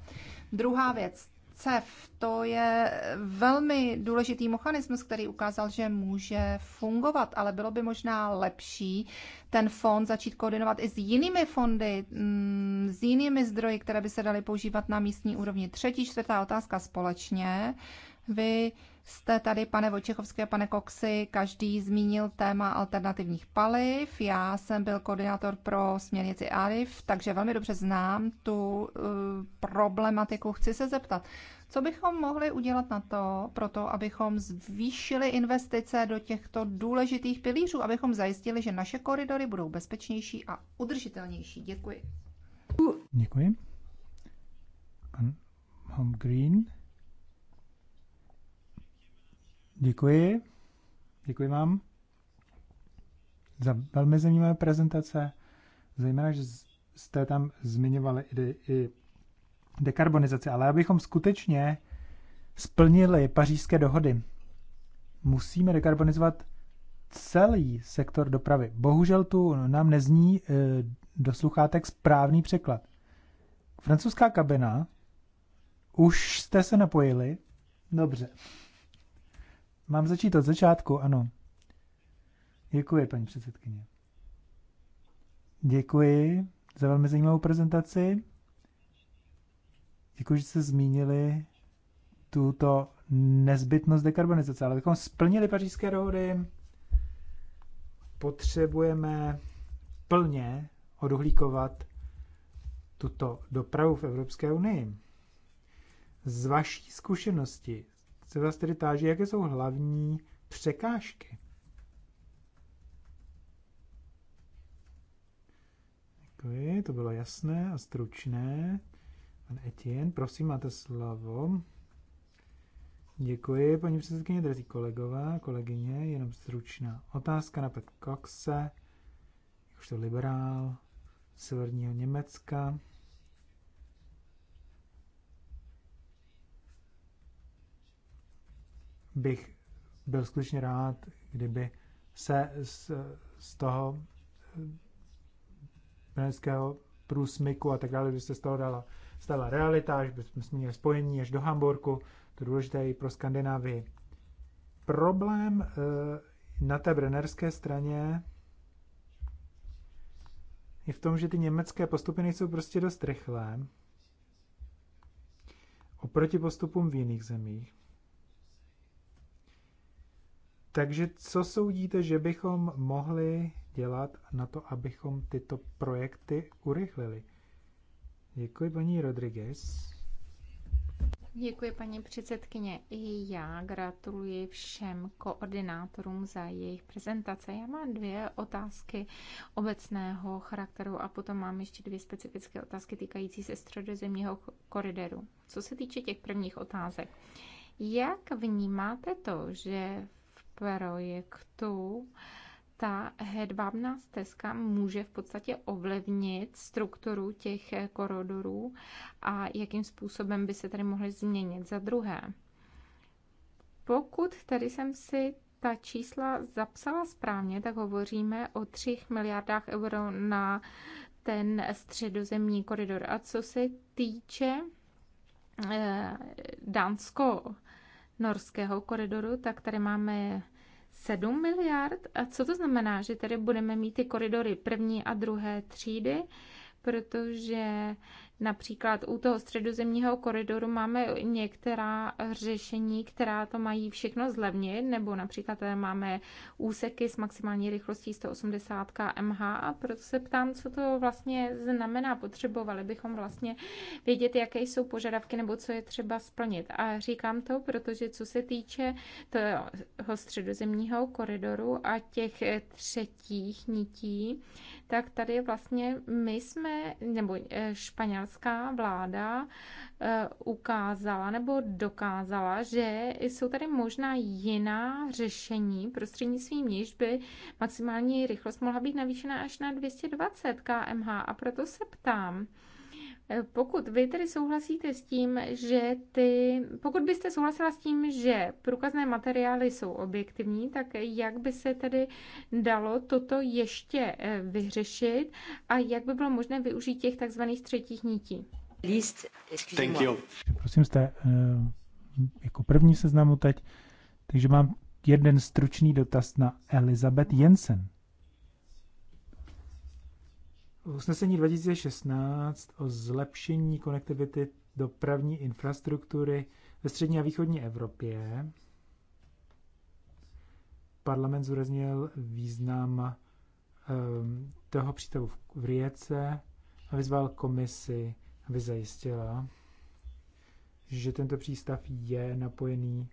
Speaker 1: Druhá věc, CEF, to je velmi důležitý mechanismus, který ukázal, že může fungovat, ale bylo by možná lepší ten fond začít koordinovat i s jinými fondy, mm, s jinými zdroji, které by se daly používat na místní úrovni. Třetí, čtvrtá otázka společně. Vy jste tady, pane Vojčechovské, a pane Koxy, každý zmínil téma alternativních paliv. Já jsem byl koordinátor pro směrnici ARIF, takže velmi dobře znám tu uh, problematiku. Chci se zeptat, co bychom mohli udělat na to, proto abychom zvýšili investice do těchto důležitých pilířů, abychom zajistili, že naše koridory budou bezpečnější a udržitelnější. Děkuji.
Speaker 2: Děkuji. Pan Green. Děkuji. Děkuji vám za velmi zajímavé prezentace. Zajímavé, že jste tam zmiňovali i, i dekarbonizaci, ale abychom skutečně splnili pařížské dohody, musíme dekarbonizovat celý sektor dopravy. Bohužel tu nám nezní e, do sluchátek správný překlad. Francouzská kabina, už jste se napojili? Dobře. Mám začít od začátku, ano. Děkuji, paní předsedkyně. Děkuji za velmi zajímavou prezentaci. Děkuji, že jste zmínili tuto nezbytnost dekarbonizace, ale abychom splnili pařížské dohody, potřebujeme plně oduhlíkovat tuto dopravu v Evropské unii. Z vaší zkušenosti se vás tedy táží, jaké jsou hlavní překážky. Děkuji, to bylo jasné a stručné. Pan Etienne, prosím, máte slovo. Děkuji, paní předsedkyně, drazí kolegové, kolegyně, jenom stručná otázka na Pet Coxe, jakožto liberál severního Německa. bych byl skutečně rád, kdyby se z, z toho eh, brněnského průsmyku a tak dále, by se z toho dala, stala realita, že bychom měli spojení až do Hamburku, to je důležité i pro Skandinávii. Problém eh, na té brenerské straně je v tom, že ty německé postupy nejsou prostě dost rychlé oproti postupům v jiných zemích. Takže co soudíte, že bychom mohli dělat na to, abychom tyto projekty urychlili? Děkuji, paní Rodriguez.
Speaker 3: Děkuji, paní předsedkyně. I já gratuluji všem koordinátorům za jejich prezentace. Já mám dvě otázky obecného charakteru a potom mám ještě dvě specifické otázky týkající se středozemního koridoru. Co se týče těch prvních otázek, jak vnímáte to, že v projektu ta hedvábná stezka může v podstatě ovlivnit strukturu těch korodorů a jakým způsobem by se tady mohly změnit. Za druhé, pokud tady jsem si ta čísla zapsala správně, tak hovoříme o 3 miliardách euro na ten středozemní koridor. A co se týče eh, Dánsko norského koridoru, tak tady máme 7 miliard. A co to znamená, že tady budeme mít ty koridory první a druhé třídy, protože Například u toho středozemního koridoru máme některá řešení, která to mají všechno zlevnit, nebo například tady máme úseky s maximální rychlostí 180 kmh a proto se ptám, co to vlastně znamená. Potřebovali bychom vlastně vědět, jaké jsou požadavky nebo co je třeba splnit. A říkám to, protože co se týče toho středozemního koridoru a těch třetích nití, tak tady vlastně my jsme, nebo eh, španělská vláda eh, ukázala nebo dokázala, že jsou tady možná jiná řešení, prostřednictvím níž by maximální rychlost mohla být navýšena až na 220 kmh. A proto se ptám, Eh, pokud vy tedy souhlasíte s tím, že ty, pokud byste souhlasila s tím, že průkazné materiály jsou objektivní, tak jak by se tedy dalo toto ještě eh, vyřešit a jak by bylo možné využít těch takzvaných třetích nití? List, Thank you.
Speaker 2: Prosím jste, eh, jako první seznamu teď, takže mám jeden stručný dotaz na Elizabeth Jensen usnesení 2016 o zlepšení konektivity dopravní infrastruktury ve střední a východní Evropě parlament zúraznil význam um, toho přístavu v Rijece a vyzval komisi, aby zajistila, že tento přístav je napojený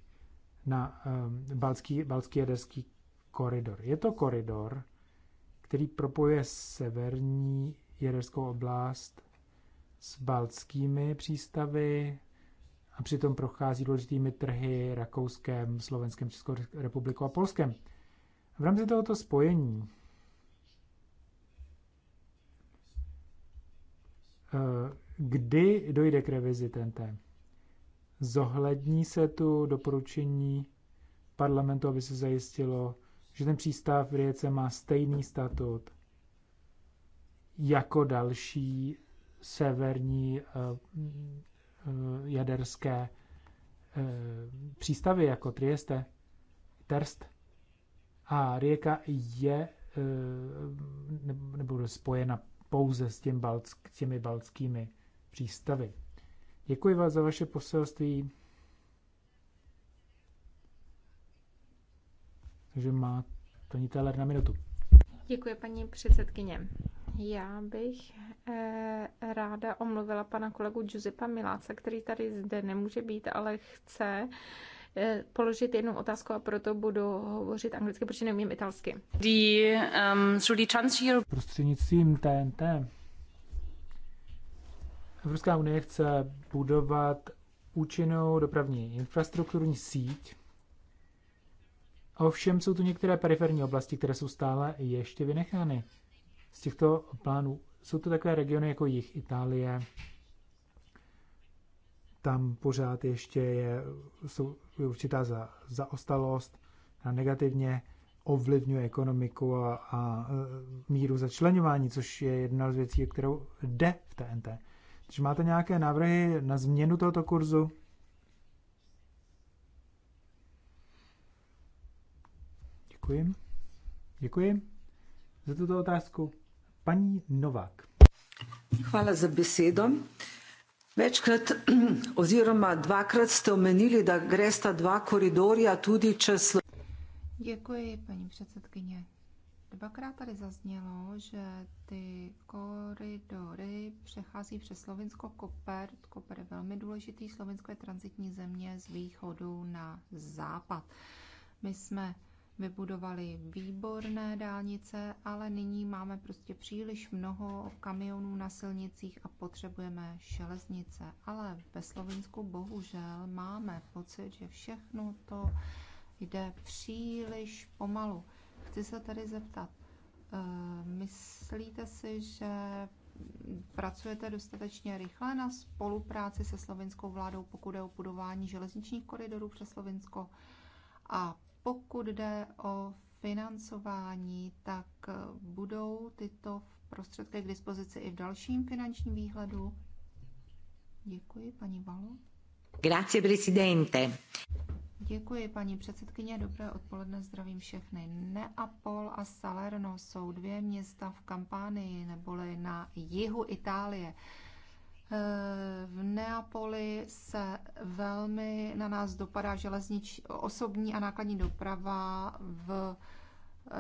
Speaker 2: na um, ehm, balský, balský jaderský koridor. Je to koridor, který propojuje severní jaderskou oblast s baltskými přístavy a přitom prochází důležitými trhy Rakouskem, Slovenskem, Českou republikou a Polskem. V rámci tohoto spojení eh, kdy dojde k revizi TNT? Zohlední se tu doporučení parlamentu, aby se zajistilo, že ten přístav v Rijece má stejný statut jako další severní eh, eh, jaderské eh, přístavy, jako Trieste, Terst. A Rijeka je nebo spojena pouze s těm balck, těmi balckými přístavy. Děkuji vás za vaše poselství. Takže má paní Teller na minutu.
Speaker 3: Děkuji, paní předsedkyně. Já bych eh, ráda omluvila pana kolegu Giuseppa Miláce, který tady zde nemůže být, ale chce eh, položit jednu otázku a proto budu hovořit anglicky, protože neumím italsky.
Speaker 2: The, um, Prostřednictvím TNT Evropská unie chce budovat účinnou dopravní infrastrukturní síť, Ovšem jsou tu některé periferní oblasti, které jsou stále ještě vynechány. Z těchto plánů jsou to takové regiony jako jich Itálie, tam pořád ještě je, jsou určitá za, zaostalost, a negativně ovlivňuje ekonomiku a, a e, míru začlenování, což je jedna z věcí, kterou jde v TNT. Takže máte nějaké návrhy na změnu tohoto kurzu? Děkuji. Děkuji za tuto otázku. Paní Novák. Hvala za besedo. Večkrat oziroma dvakrat ste omenili, da gresta dva
Speaker 1: koridorja tudi čez Děkuji, paní předsedkyně. Dvakrát tady zaznělo, že ty koridory přechází přes Slovinsko Koper. Koper je velmi důležitý. Slovinsko je transitní země z východu na západ. My jsme vybudovali výborné dálnice, ale nyní máme prostě příliš mnoho kamionů na silnicích a potřebujeme železnice. Ale ve Slovinsku bohužel máme pocit, že všechno to jde příliš pomalu. Chci se tady zeptat, eh, myslíte si, že pracujete dostatečně rychle na spolupráci se slovinskou vládou, pokud je o budování železničních koridorů přes Slovinsko? A pokud jde o financování, tak eh, budou tyto prostředky k dispozici i v dalším finančním výhledu? Děkuji, paní Valo.
Speaker 3: Grazie, presidente.
Speaker 1: Děkuji, paní předsedkyně. Dobré odpoledne, zdravím všechny. Neapol a Salerno jsou dvě města v kampánii neboli na jihu Itálie. V Neapoli se velmi na nás dopadá železnič, osobní a nákladní doprava v,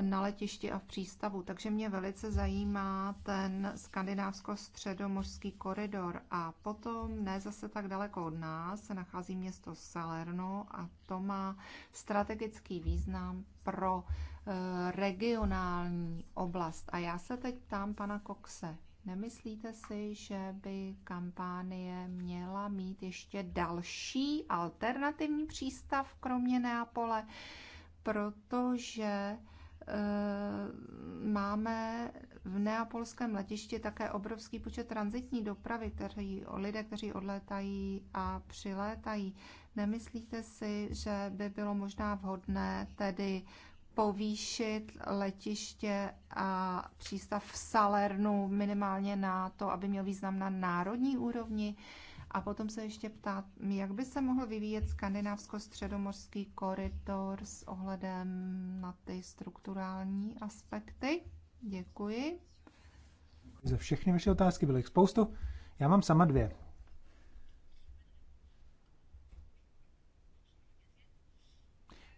Speaker 1: na letišti a v přístavu. Takže mě velice zajímá ten skandinávsko-středomořský koridor. A potom, ne zase tak daleko od nás, se nachází město Salerno a to má strategický význam pro eh, regionální oblast. A já se teď ptám pana Kokse, Nemyslíte si, že by kampánie měla mít ještě další alternativní přístav kromě Neapole, protože e, máme v neapolském letišti také obrovský počet transitní dopravy, kteří, lidé, kteří odlétají a přilétají. Nemyslíte si, že by bylo možná vhodné tedy povýšit letiště a přístav v Salernu minimálně na to, aby měl význam na národní úrovni. A potom se ještě ptát, jak by se mohl vyvíjet skandinávsko-středomorský koridor s ohledem na ty strukturální aspekty. Děkuji.
Speaker 2: Děkuji za všechny vaše otázky, byly jich spoustu. Já mám sama dvě.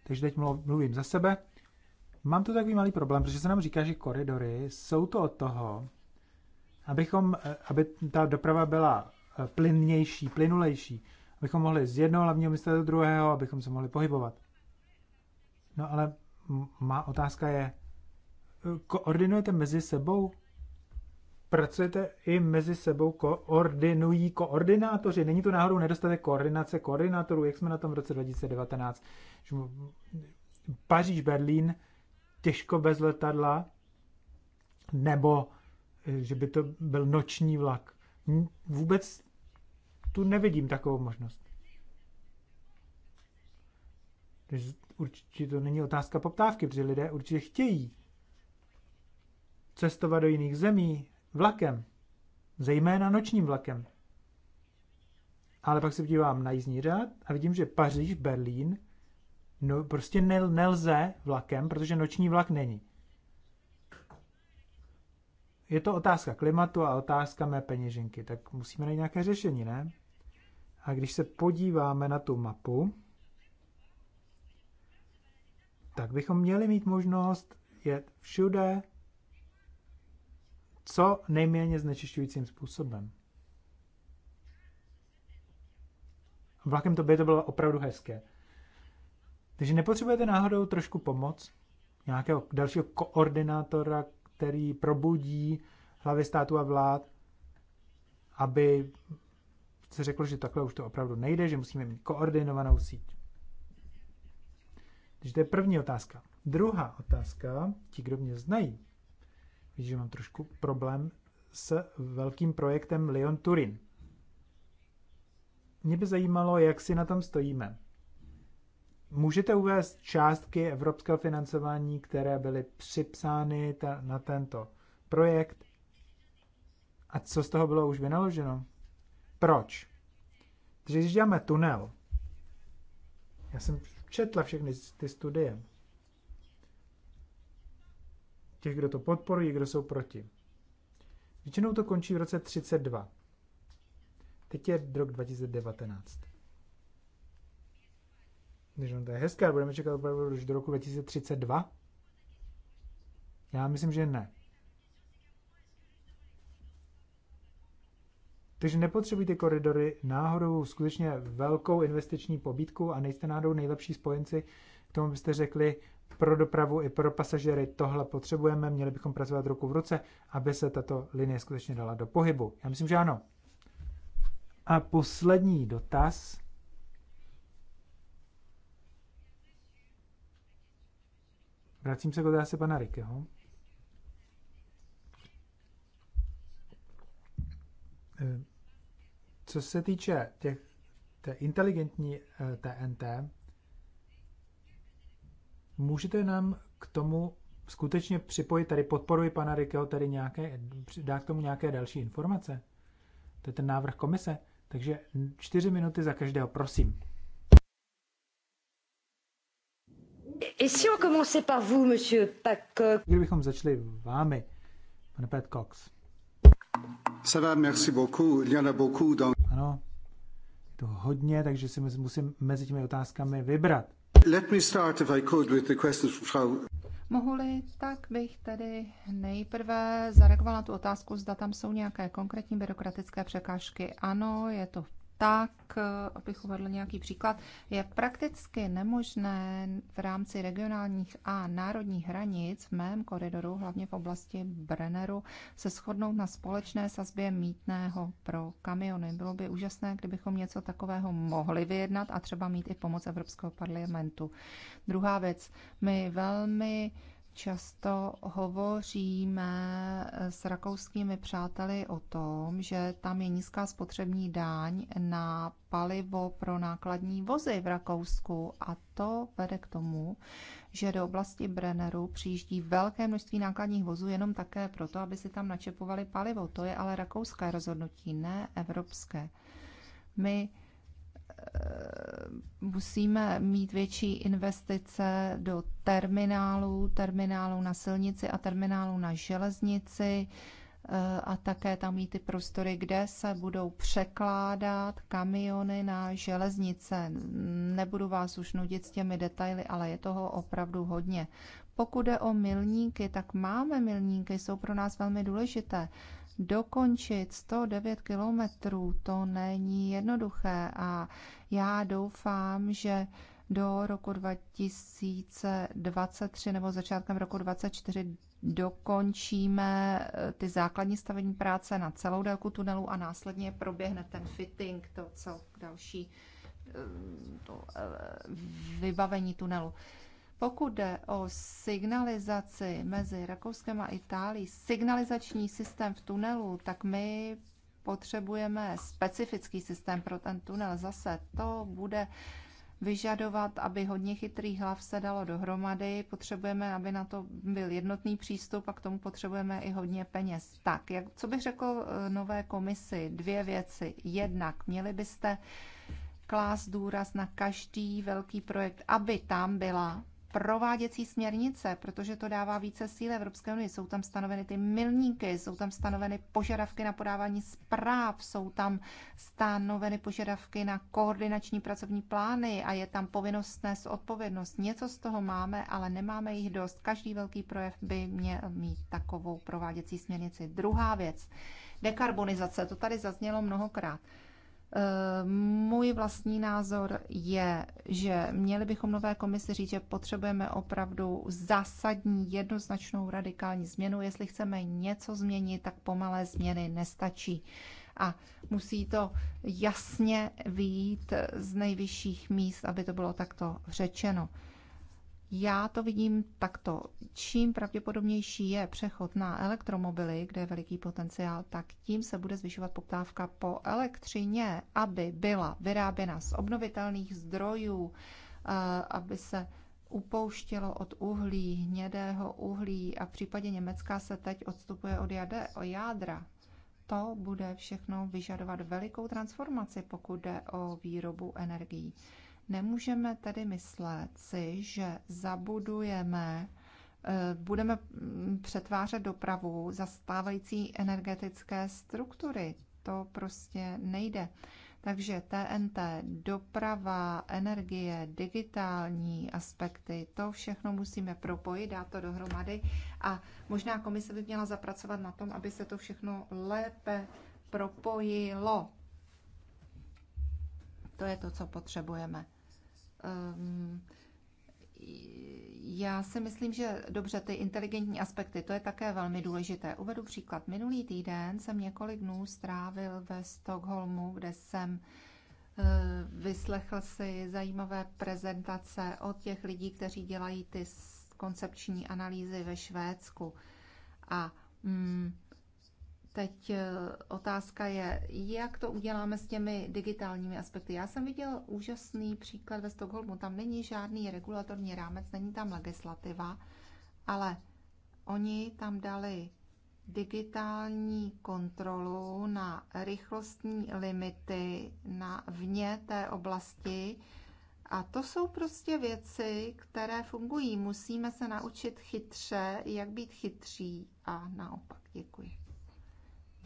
Speaker 2: Takže teď mluvím za sebe. Mám tu takový malý problém, protože se nám říká, že koridory jsou to od toho, abychom, eh, aby ta doprava byla eh, plynnější, plynulejší, abychom mohli z jednoho hlavního města do druhého, abychom se mohli pohybovat. No ale má otázka je, eh, koordinujete mezi sebou? Pracujete i mezi sebou, koordinují koordinátoři? Není to náhodou nedostatek koordinace koordinátorů, jak jsme na tom v roce 2019? Paříž, Berlín, těžko bez letadla, nebo eh, že by to byl noční vlak. Vůbec tu nevidím takovou možnost. Takže určitě to není otázka poptávky, protože lidé určitě chtějí cestovat do jiných zemí vlakem, zejména nočním vlakem. Ale pak se podívám na jízdní řád a vidím, že Paříž, Berlín no, prostě nel, nelze vlakem, protože noční vlak není. Je to otázka klimatu a otázka mé peněženky, tak musíme najít nějaké řešení, ne? A když se podíváme na tu mapu, tak bychom měli mít možnost jet všude co nejméně znečišťujícím způsobem. Vlakem to by to bylo opravdu hezké. Takže nepotřebujete náhodou trošku pomoc, nějakého dalšího koordinátora, který probudí hlavy státu a vlád, aby se řeklo, že takhle už to opravdu nejde, že musíme mít koordinovanou síť. Takže to je první otázka. Druhá otázka, ti, kdo mě znají, víš, že mám trošku problém s velkým projektem Lyon Turin. Mě by zajímalo, jak si na tom stojíme. Můžete uvést částky evropského financování, které byly připsány ta, na tento projekt? A co z toho bylo už vynaloženo? Proč? Takže když děláme tunel, já jsem četla všechny ty studie, těch, kdo to podporují, kdo jsou proti. Většinou to končí v roce 32. Teď je rok 2019. Když on to je hezké, budeme čekat opravdu už do roku 2032? Já myslím, že ne. Takže nepotřebují koridory náhodou skutečně velkou investiční pobídku a nejste náhodou nejlepší spojenci k tomu, byste řekli, pro dopravu i pro pasažery tohle potřebujeme, měli bychom pracovat ruku v ruce, aby se tato linie skutečně dala do pohybu. Já myslím, že ano. A poslední dotaz Vracím se k otázce pana Rikeho. Eh, co se týče těch, té inteligentní TNT, eh, můžete nám k tomu skutečně připojit, tady podporuji pana Rikeho, tady nějaké, dá k tomu nějaké další informace? To je ten návrh komise. Takže čtyři minuty za každého, prosím. Et si on commençait par vous, monsieur Pacox? Kdybychom začali vámi, pane Pat Cox. Ça va, merci beaucoup. Il y en a beaucoup dans... Ano, je to hodně, takže si musím mezi těmi otázkami vybrat. Let me start, if I could, with the questions from Frau...
Speaker 1: Mohu-li, tak bych tedy nejprve zareagovala tu otázku, zda tam jsou nějaké konkrétní byrokratické překážky. Ano, je to v tak, eh, abych uvedl nějaký příklad, je prakticky nemožné v rámci regionálních a národních hranic v mém koridoru, hlavně v oblasti Brenneru, se shodnout na společné sazbě mítného pro kamiony. Bylo by úžasné, kdybychom něco takového mohli vyjednat a třeba mít i pomoc Evropského parlamentu. Druhá věc, my velmi Často hovoříme eh, s rakouskými přáteli o tom, že tam je nízká spotřební daň na palivo pro nákladní vozy v Rakousku a to vede k tomu, že do oblasti Brenneru přijíždí velké množství nákladních vozů jenom také proto, aby si tam načepovali palivo. To je ale rakouské rozhodnutí, ne evropské. My Eh, musíme mít větší investice do terminálů, terminálů na silnici a terminálů na železnici eh, a také tam mít ty prostory, kde se budou překládat kamiony na železnice. Nebudu vás už nudit s těmi detaily, ale je toho opravdu hodně. Pokud jde o milníky, tak máme milníky, jsou pro nás velmi důležité dokončit 109 kilometrů, to není jednoduché a já doufám, že do roku 2023 nebo začátkem roku 2024 dokončíme eh, ty základní stavební práce na celou délku tunelu a následně proběhne ten fitting, to co další eh, to eh, vybavení tunelu. Pokud jde o signalizaci mezi Rakouskem a Itálií, signalizační systém v tunelu, tak my potřebujeme specifický systém pro ten tunel. Zase to bude vyžadovat, aby hodně chytrých hlav se dalo dohromady. Potřebujeme, aby na to byl jednotný přístup a k tomu potřebujeme i hodně peněz. Tak, jak, co bych řekl eh, nové komisi? Dvě věci. Jednak, měli byste klást důraz na každý velký projekt, aby tam byla prováděcí směrnice, protože to dává více síly Evropské unii. Jsou tam stanoveny ty milníky, jsou tam stanoveny požadavky na podávání zpráv, jsou tam stanoveny požadavky na koordinační pracovní plány a je tam povinnost nést odpovědnost. Něco z toho máme, ale nemáme jich dost. Každý velký projev by měl mít takovou prováděcí směrnici. Druhá věc, dekarbonizace, to tady zaznělo mnohokrát. Eh, můj vlastní názor je, že měli bychom nové komisi říct, že potřebujeme opravdu zásadní, jednoznačnou radikální změnu. Jestli chceme něco změnit, tak pomalé změny nestačí. A musí to jasně vyjít z nejvyšších míst, aby to bylo takto řečeno. Já to vidím takto. Čím pravděpodobnější je přechod na elektromobily, kde je veliký potenciál, tak tím se bude zvyšovat poptávka po elektřině, aby byla vyráběna z obnovitelných zdrojů, eh, aby se upouštělo od uhlí, hnědého uhlí a v případě Německa se teď odstupuje od jade, o jádra. To bude všechno vyžadovat velikou transformaci, pokud jde o výrobu energií. Nemůžeme tedy myslet si, že zabudujeme, eh, budeme mm, přetvářet dopravu za stávající energetické struktury. To prostě nejde. Takže TNT, doprava, energie, digitální aspekty, to všechno musíme propojit, dát to dohromady a možná komise by měla zapracovat na tom, aby se to všechno lépe propojilo. To je to, co potřebujeme. Ehm, já si myslím, že dobře, ty inteligentní aspekty, to je také velmi důležité. Uvedu příklad. Minulý týden jsem několik dnů strávil ve Stockholmu, kde jsem eh, vyslechl si zajímavé prezentace od těch lidí, kteří dělají ty koncepční analýzy ve Švédsku. A mm, Teď eh, otázka je, jak to uděláme s těmi digitálními aspekty. Já jsem viděl úžasný příklad ve Stockholmu. Tam není žádný regulatorní rámec, není tam legislativa, ale oni tam dali digitální kontrolu na rychlostní limity na vně té oblasti. A to jsou prostě věci, které fungují. Musíme se naučit chytře, jak být chytří a naopak. Děkuji.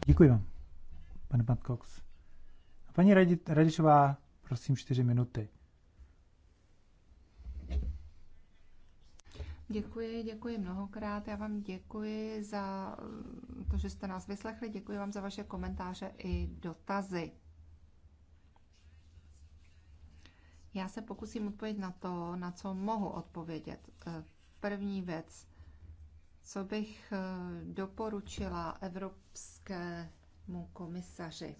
Speaker 2: Děkuji vám, pane Pat Cox. A paní Radičová, prosím, čtyři minuty.
Speaker 1: Děkuji, děkuji mnohokrát. Já vám děkuji za to, že jste nás vyslechli. Děkuji vám za vaše komentáře i dotazy. Já se pokusím odpovědět na to, na co mohu odpovědět. První věc, co bych eh, doporučila Evropské evropskému komisaři.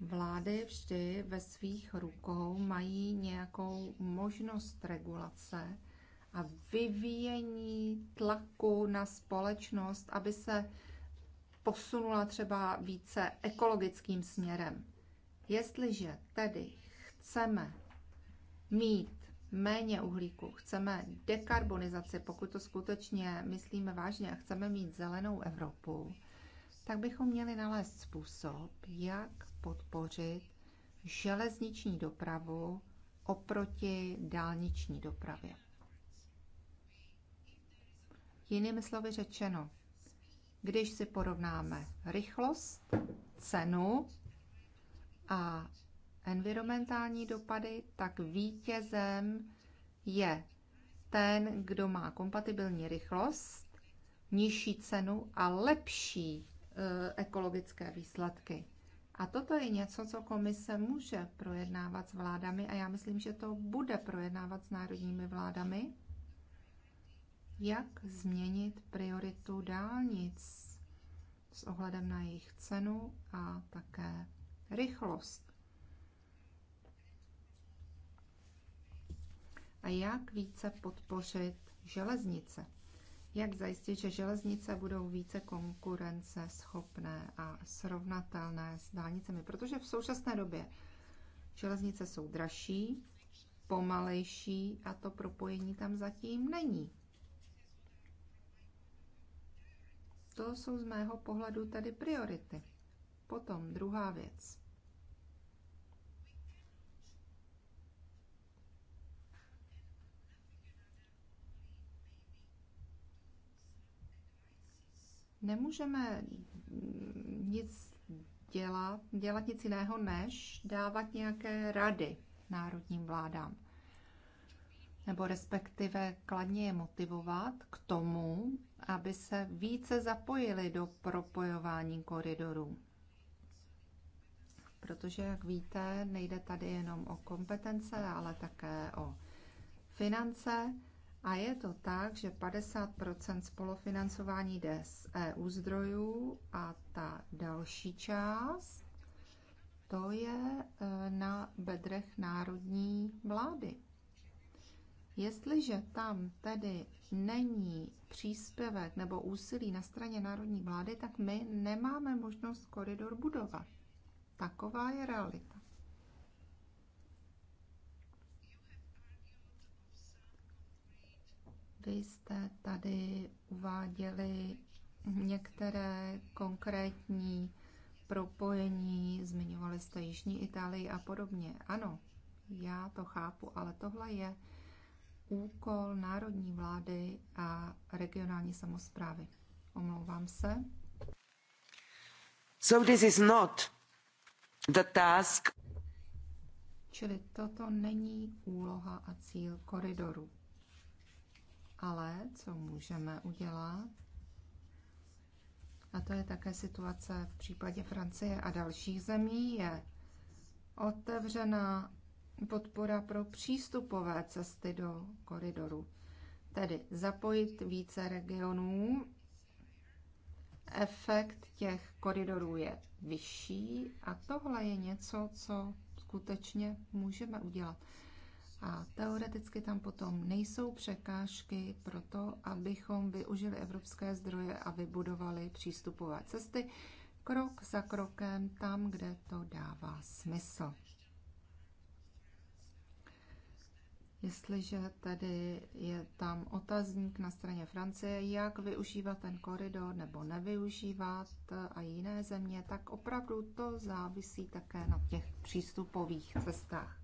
Speaker 1: Vlády vždy ve svých rukou mají nějakou možnost regulace a vyvíjení tlaku na společnost, aby se posunula třeba více ekologickým směrem. Jestliže tedy chceme mít méně uhlíku, chceme dekarbonizaci, pokud to skutečně myslíme vážně a chceme mít zelenou Evropu, tak bychom měli nalézt způsob, jak podpořit železniční dopravu oproti dálniční dopravě. Jinými slovy řečeno, když si porovnáme rychlost, cenu a environmentální dopady, tak vítězem je ten, kdo má kompatibilní rychlost, nižší cenu a lepší E, ekologické výsledky. A toto je něco, co komise může projednávat s vládami a já myslím, že to bude projednávat s národními vládami. Jak změnit prioritu dálnic s ohledem na jejich cenu a také rychlost. A jak více podpořit železnice jak zajistit, že železnice budou více konkurenceschopné a srovnatelné s dálnicemi, protože v současné době železnice jsou dražší, pomalejší a to propojení tam zatím není. To jsou z mého pohledu tedy priority. Potom druhá věc. nemůžeme nic dělat, dělat nic jiného, než dávat nějaké rady národním vládám. Nebo respektive kladně je motivovat k tomu, aby se více zapojili do propojování koridorů. Protože, jak víte, nejde tady jenom o kompetence, ale také o finance a je to tak, že 50 spolufinancování jde z EU zdrojů a ta další část to je e, na bedrech národní vlády. Jestliže tam tedy není příspěvek nebo úsilí na straně národní vlády, tak my nemáme možnost koridor budovat. Taková je realita. Vy jste tady uváděli některé konkrétní propojení, zmiňovali jste Jižní Itálii a podobně. Ano, já to chápu, ale tohle je úkol národní vlády a regionální samozprávy. Omlouvám se.
Speaker 3: So this is not the
Speaker 1: task. Čili toto není úloha a cíl koridoru ale co můžeme udělat, a to je také situace v případě Francie a dalších zemí, je otevřená podpora pro přístupové cesty do koridoru, tedy zapojit více regionů. Efekt těch koridorů je vyšší a tohle je něco, co skutečně můžeme udělat. A teoreticky tam potom nejsou překážky pro to, abychom využili evropské zdroje a vybudovali přístupové cesty krok za krokem tam, kde to dává smysl. Jestliže tedy je tam otazník na straně Francie, jak využívat ten koridor nebo nevyužívat a jiné země, tak opravdu to závisí také na těch přístupových cestách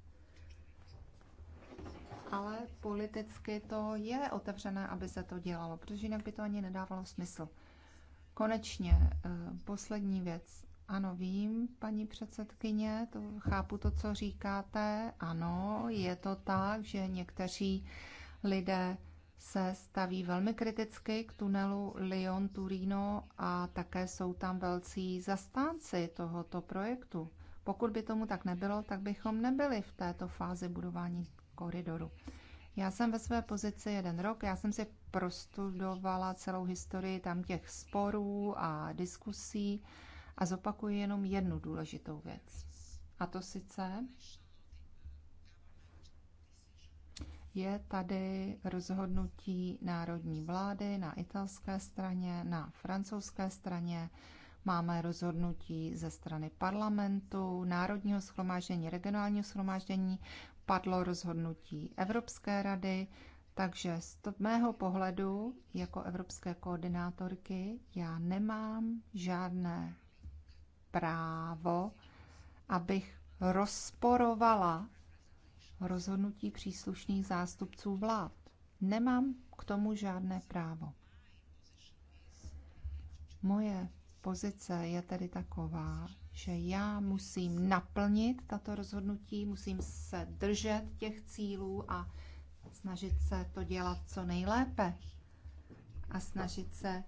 Speaker 1: ale politicky to je otevřené, aby se to dělalo, protože jinak by to ani nedávalo smysl. Konečně, eh, poslední věc. Ano, vím, paní předsedkyně, to chápu to, co říkáte. Ano, je to tak, že někteří lidé se staví velmi kriticky k tunelu Lyon-Turino a také jsou tam velcí zastánci tohoto projektu. Pokud by tomu tak nebylo, tak bychom nebyli v této fázi budování koridoru. Já jsem ve své pozici jeden rok, já jsem si prostudovala celou historii tam těch sporů a diskusí a zopakuji jenom jednu důležitou věc. A to sice je tady rozhodnutí národní vlády na italské straně, na francouzské straně, máme rozhodnutí ze strany parlamentu, národního schromáždění, regionálního schromáždění, padlo rozhodnutí Evropské rady, takže z mého pohledu jako evropské koordinátorky já nemám žádné právo, abych rozporovala rozhodnutí příslušných zástupců vlád. Nemám k tomu žádné právo. Moje pozice je tedy taková, že já musím naplnit tato rozhodnutí, musím se držet těch cílů a snažit se to dělat co nejlépe a snažit se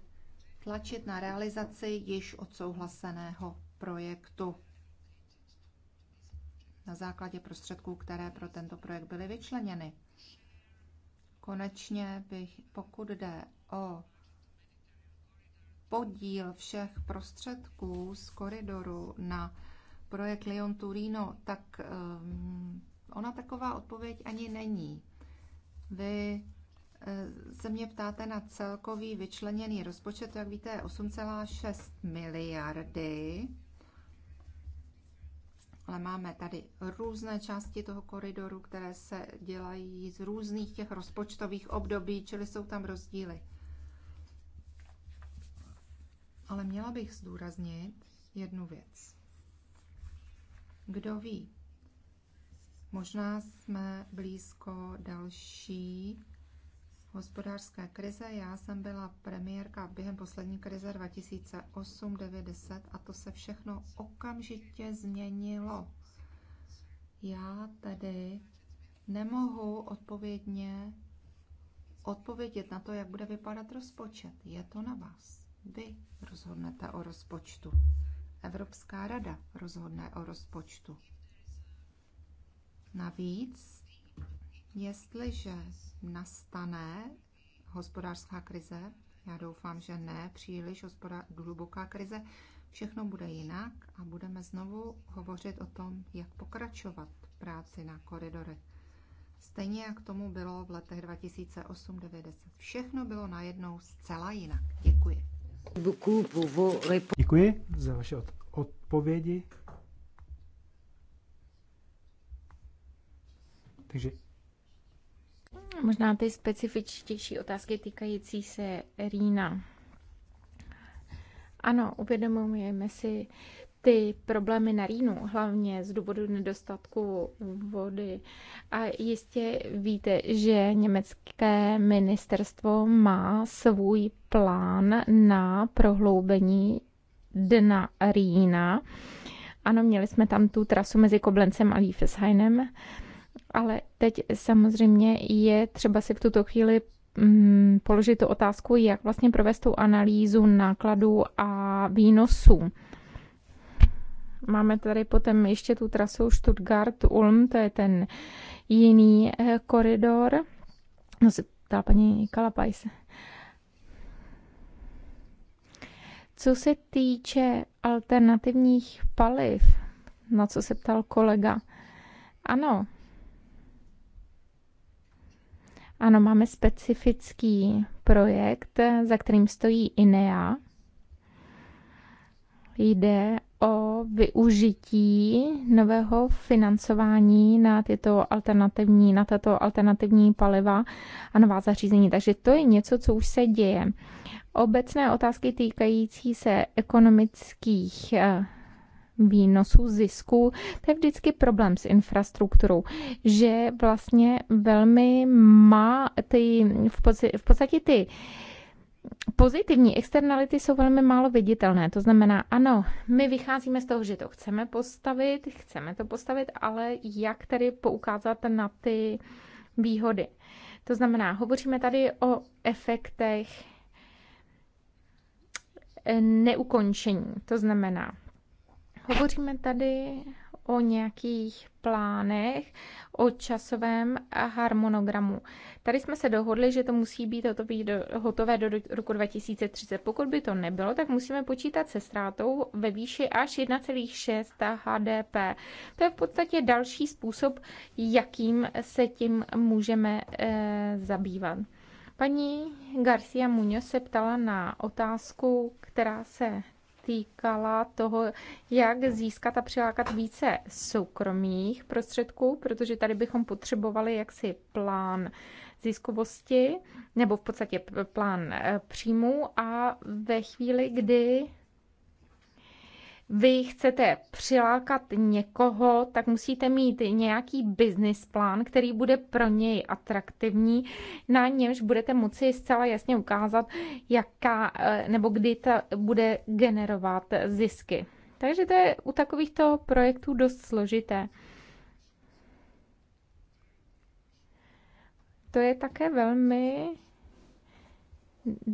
Speaker 1: tlačit na realizaci již odsouhlaseného projektu na základě prostředků, které pro tento projekt byly vyčleněny. Konečně bych, pokud jde o podíl všech prostředků z koridoru na projekt Lyon Turino, tak um, ona taková odpověď ani není. Vy eh, se mě ptáte na celkový vyčleněný rozpočet, jak víte, 8,6 miliardy, ale máme tady různé části toho koridoru, které se dělají z různých těch rozpočtových období, čili jsou tam rozdíly ale měla bych zdůraznit jednu věc. Kdo ví, možná jsme blízko další hospodářské krize. Já jsem byla premiérka během poslední krize 2008 90 a to se všechno okamžitě změnilo. Já tedy nemohu odpovědně odpovědět na to, jak bude vypadat rozpočet. Je to na vás. Vy rozhodnete o rozpočtu. Evropská rada rozhodne o rozpočtu. Navíc, jestliže nastane hospodářská krize, já doufám, že ne příliš hluboká krize, všechno bude jinak a budeme znovu hovořit o tom, jak pokračovat práci na koridorech. Stejně jak tomu bylo v letech 2008-2010. Všechno bylo najednou zcela jinak. Děkuji.
Speaker 2: Děkuji za vaše odpovědi. Takže
Speaker 3: Možná ty specifičtější otázky týkající se Rína. Ano, uvědomujeme si, ty problémy na Rýnu, hlavně z důvodu nedostatku vody. A jistě víte, že německé ministerstvo má svůj plán na prohloubení dna Rýna. Ano, měli jsme tam tu trasu mezi Koblencem a Liefesheinem, ale teď samozřejmě je třeba si v tuto chvíli mm, položit tu otázku, jak vlastně provést tu analýzu nákladů a výnosů. Máme tady potom ještě tu trasu Stuttgart-Ulm, to je ten jiný eh, koridor. No se ptá paní Kalapajse. Co se týče alternativních paliv, na co se ptal kolega, ano, ano, máme specifický projekt, za kterým stojí INEA. Jde o využití nového financování na tyto alternativní, na tato alternativní paliva a nová zařízení. Takže to je něco, co už se děje. Obecné otázky týkající se ekonomických eh, výnosů, zisku, to je vždycky problém s infrastrukturou, že vlastně velmi má ty, v podstatě ty pozitivní externality jsou velmi málo viditelné. To znamená, ano, my vycházíme z toho, že to chceme postavit, chceme to postavit, ale jak tedy poukázat na ty výhody. To znamená, hovoříme tady o efektech neukončení. To znamená, hovoříme tady o nějakých plánech, o časovém harmonogramu. Tady jsme se dohodli, že to musí být hotové do roku 2030. Pokud by to nebylo, tak musíme počítat se ztrátou ve výši až 1,6 HDP. To je v podstatě další způsob, jakým se tím můžeme e, zabývat. Paní Garcia Muñoz se ptala na otázku, která se týkala toho, jak získat a přilákat více soukromých prostředků, protože tady bychom potřebovali jaksi plán ziskovosti nebo v podstatě plán eh, příjmů a ve chvíli, kdy vy chcete přilákat někoho, tak musíte mít nějaký business plán, který bude pro něj atraktivní, na němž budete moci zcela jasně ukázat, jaká eh, nebo kdy ta bude generovat zisky. Takže to je u takovýchto projektů dost složité. To je také velmi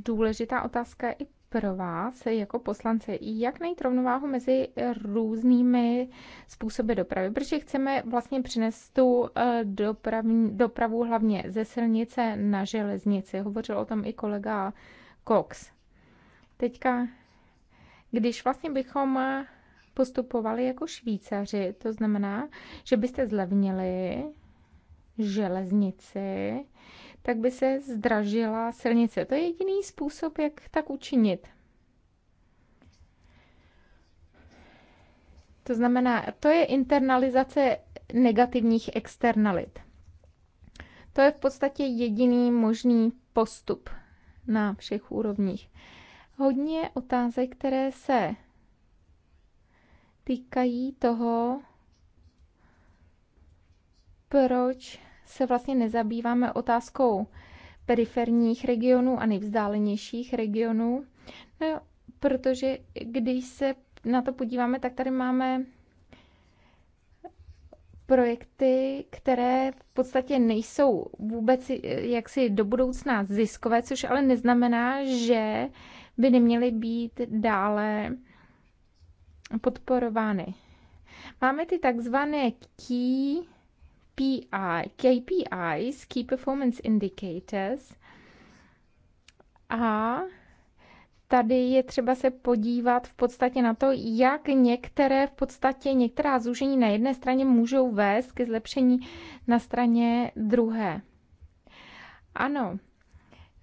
Speaker 3: důležitá otázka i pro vás jako poslance, jak najít rovnováhu mezi různými způsoby dopravy, protože chceme vlastně přinést tu eh, dopravní, dopravu hlavně ze silnice na železnici. Hovořil o tom i kolega Cox. Teďka, když vlastně bychom postupovali jako Švýcaři, to znamená, že byste zlevnili železnici, tak by se zdražila silnice. To je jediný způsob, jak tak učinit. To znamená, to je internalizace negativních externalit. To je v podstatě jediný možný postup na všech úrovních. Hodně otázek, které se týkají toho, proč se vlastně nezabýváme otázkou periferních regionů a nejvzdálenějších regionů, no protože když se na to podíváme, tak tady máme projekty, které v podstatě nejsou vůbec eh, jaksi do budoucna ziskové, což ale neznamená, že by neměly být dále podporovány. Máme ty takzvané key KPI, KPIs, Key Performance Indicators. A tady je třeba se podívat v podstatě na to, jak některé v podstatě některá zúžení na jedné straně můžou vést ke zlepšení na straně druhé. Ano,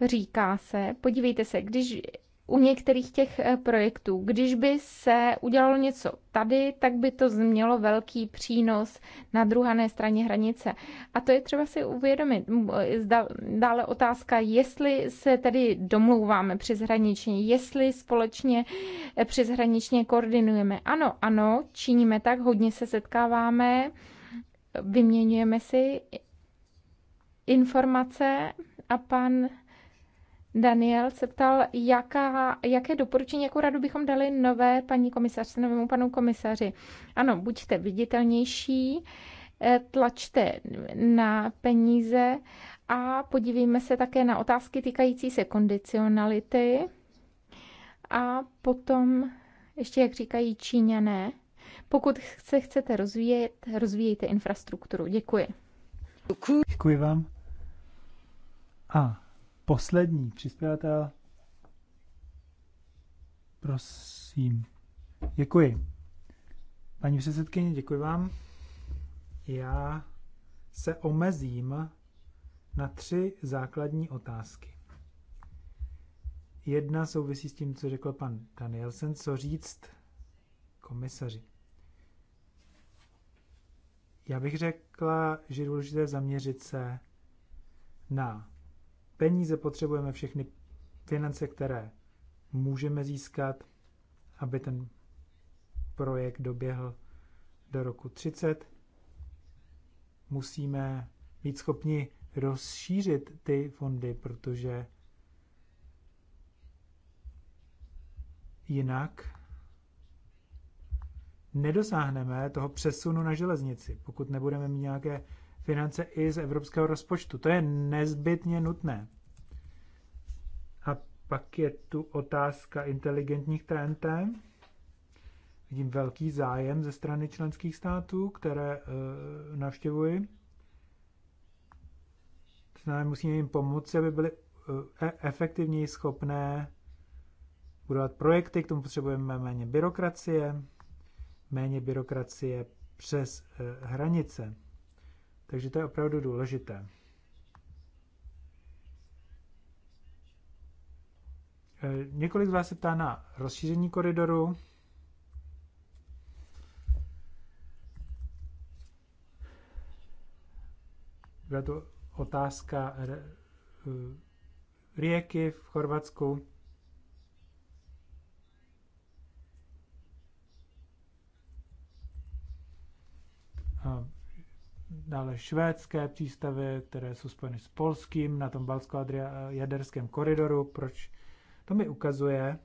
Speaker 3: říká se, podívejte se, když u některých těch eh, projektů. Když by se udělalo něco tady, tak by to mělo velký přínos na druhé straně hranice. A to je třeba si uvědomit. Eh, dále otázka, jestli se tedy domlouváme přeshraničně, jestli společně eh, přeshraničně koordinujeme. Ano, ano, činíme tak, hodně se setkáváme, vyměňujeme si informace a pan Daniel se ptal, jaká, jaké doporučení, jakou radu bychom dali nové paní komisařce, novému panu komisaři. Ano, buďte viditelnější, eh, tlačte na peníze a podívejme se také na otázky týkající se kondicionality a potom, ještě jak říkají Číňané, pokud se chcete rozvíjet, rozvíjejte infrastrukturu. Děkuji.
Speaker 2: Děkuji vám. A poslední přispěvatel. Prosím. Děkuji. Paní předsedkyně, děkuji vám. Já se omezím na tři základní otázky. Jedna souvisí s tím, co řekl pan Danielsen, co říct komisaři. Já bych řekla, že je důležité zaměřit se na peníze, potřebujeme všechny finance, které můžeme získat, aby ten projekt doběhl do roku 30. Musíme být schopni rozšířit ty fondy, protože jinak nedosáhneme toho přesunu na železnici, pokud nebudeme mít nějaké finance i z evropského rozpočtu. To je nezbytně nutné. A pak je tu otázka inteligentních TNT. Vidím velký zájem ze strany členských států, které e, navštěvuji. Znamená, musíme jim pomoci, aby byly eh, e, efektivněji schopné budovat projekty, k tomu potřebujeme méně byrokracie, méně byrokracie přes e, hranice. Takže to je opravdu důležité. E, několik z vás se ptá na rozšíření koridoru. Byla to otázka e, Rieky v Chorvatsku. A dále švédské přístavy, které jsou spojeny s polským na tom balsko-jaderském koridoru. Proč? To mi ukazuje,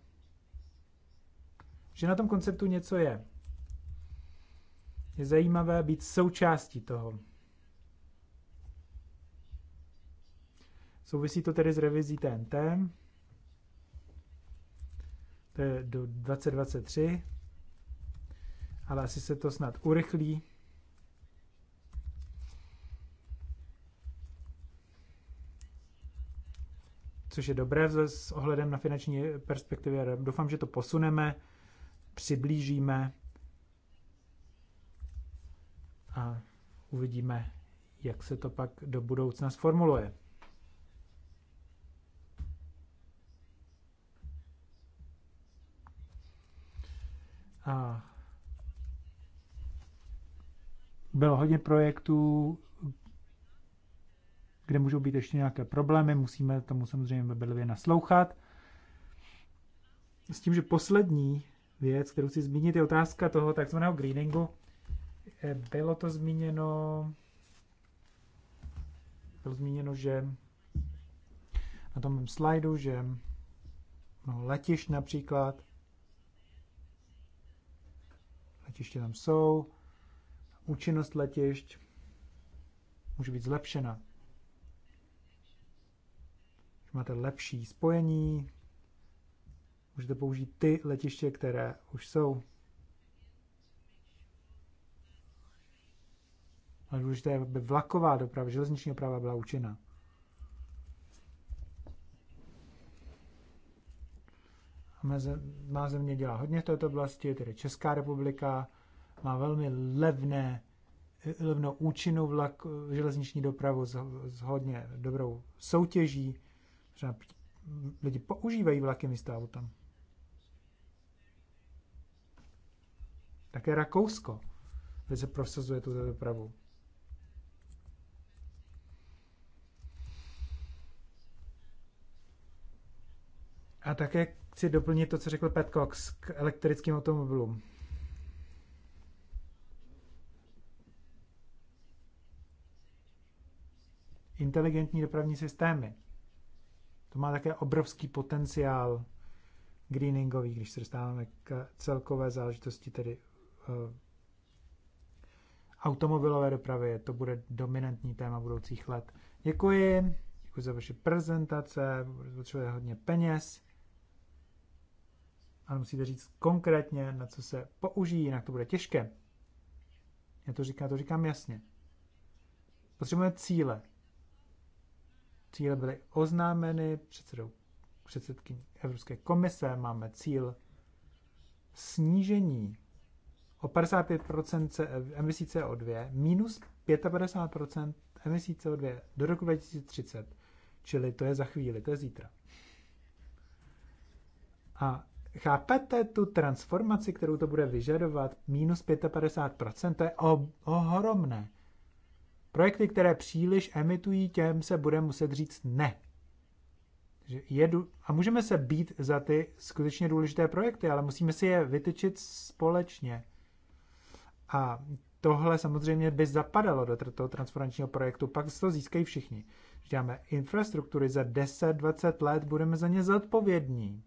Speaker 2: že na tom konceptu něco je. Je zajímavé být součástí toho. Souvisí to tedy s revizí TNT. To je do 2023. Ale asi se to snad urychlí. což je dobré s ohledem na finanční perspektivy. Doufám, že to posuneme, přiblížíme a uvidíme, jak se to pak do budoucna sformuluje. A bylo hodně projektů, kde můžou být ještě nějaké problémy, musíme tomu samozřejmě bedlivě naslouchat. S tím, že poslední věc, kterou si zmínit, je otázka toho takzvaného greeningu. Eh, bylo to zmíněno, bylo zmíněno, že na tom slajdu, že no, letišť například, letiště tam jsou, účinnost letišť může být zlepšena že máte lepší spojení, můžete použít ty letiště, které už jsou. Ale důležité je, aby vlaková doprava, železniční doprava byla účinná. Má země dělá hodně v této oblasti, tedy Česká republika má velmi levné, levnou účinnou vlak, železniční dopravu s, s hodně dobrou soutěží třeba lidi používají vlaky místo auta. Také Rakousko, kde se prosazuje tuto dopravu. A také chci doplnit to, co řekl Pat Cox k elektrickým automobilům. Inteligentní dopravní systémy. To má také obrovský potenciál greeningový, když se dostáváme k celkové záležitosti, tedy eh, automobilové dopravy. To bude dominantní téma budoucích let. Děkuji, děkuji za vaše prezentace, potřebujete hodně peněz, ale musíte říct konkrétně, na co se použijí, jinak to bude těžké. Já to říkám, to říkám jasně. Potřebujeme cíle. Cíle byly oznámeny předsedou, předsedkyní Evropské komise. Máme cíl snížení o 55% emisí CO2 minus 55% emisí CO2 do roku 2030. Čili to je za chvíli, to je zítra. A chápete tu transformaci, kterou to bude vyžadovat? Minus 55%, to je ohromné. Projekty, které příliš emitují, těm se bude muset říct ne. a můžeme se být za ty skutečně důležité projekty, ale musíme si je vytyčit společně. A tohle samozřejmě by zapadalo do toho transformačního projektu, pak se to získají všichni. Když děláme infrastruktury za 10-20 let, budeme za ně zodpovědní.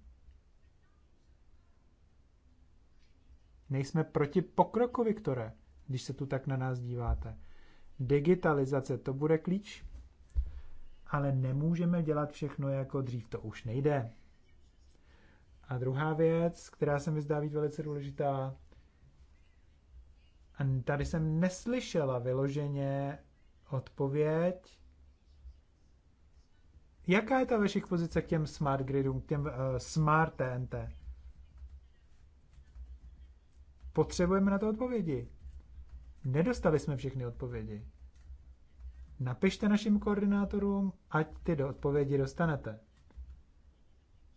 Speaker 2: Nejsme proti pokroku, Viktore, když se tu tak na nás díváte digitalizace, to bude klíč. Ale nemůžeme dělat všechno jako dřív, to už nejde. A druhá věc, která se mi zdá být velice důležitá, a tady jsem neslyšela vyloženě odpověď, jaká je ta vaše pozice k těm smart gridům, k těm uh, smart TNT? Potřebujeme na to odpovědi. Nedostali jsme všechny odpovědi napište našim koordinátorům, ať ty do odpovědi dostanete.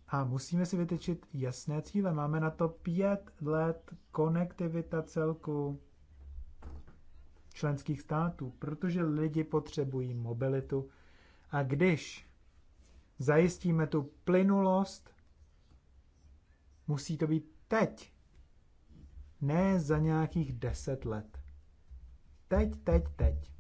Speaker 2: A musíme si vytyčit jasné cíle. Máme na to pět let konektivita celku členských států, protože lidi potřebují mobilitu. A když zajistíme tu plynulost, musí to být teď, ne za nějakých deset let. Teď, teď, teď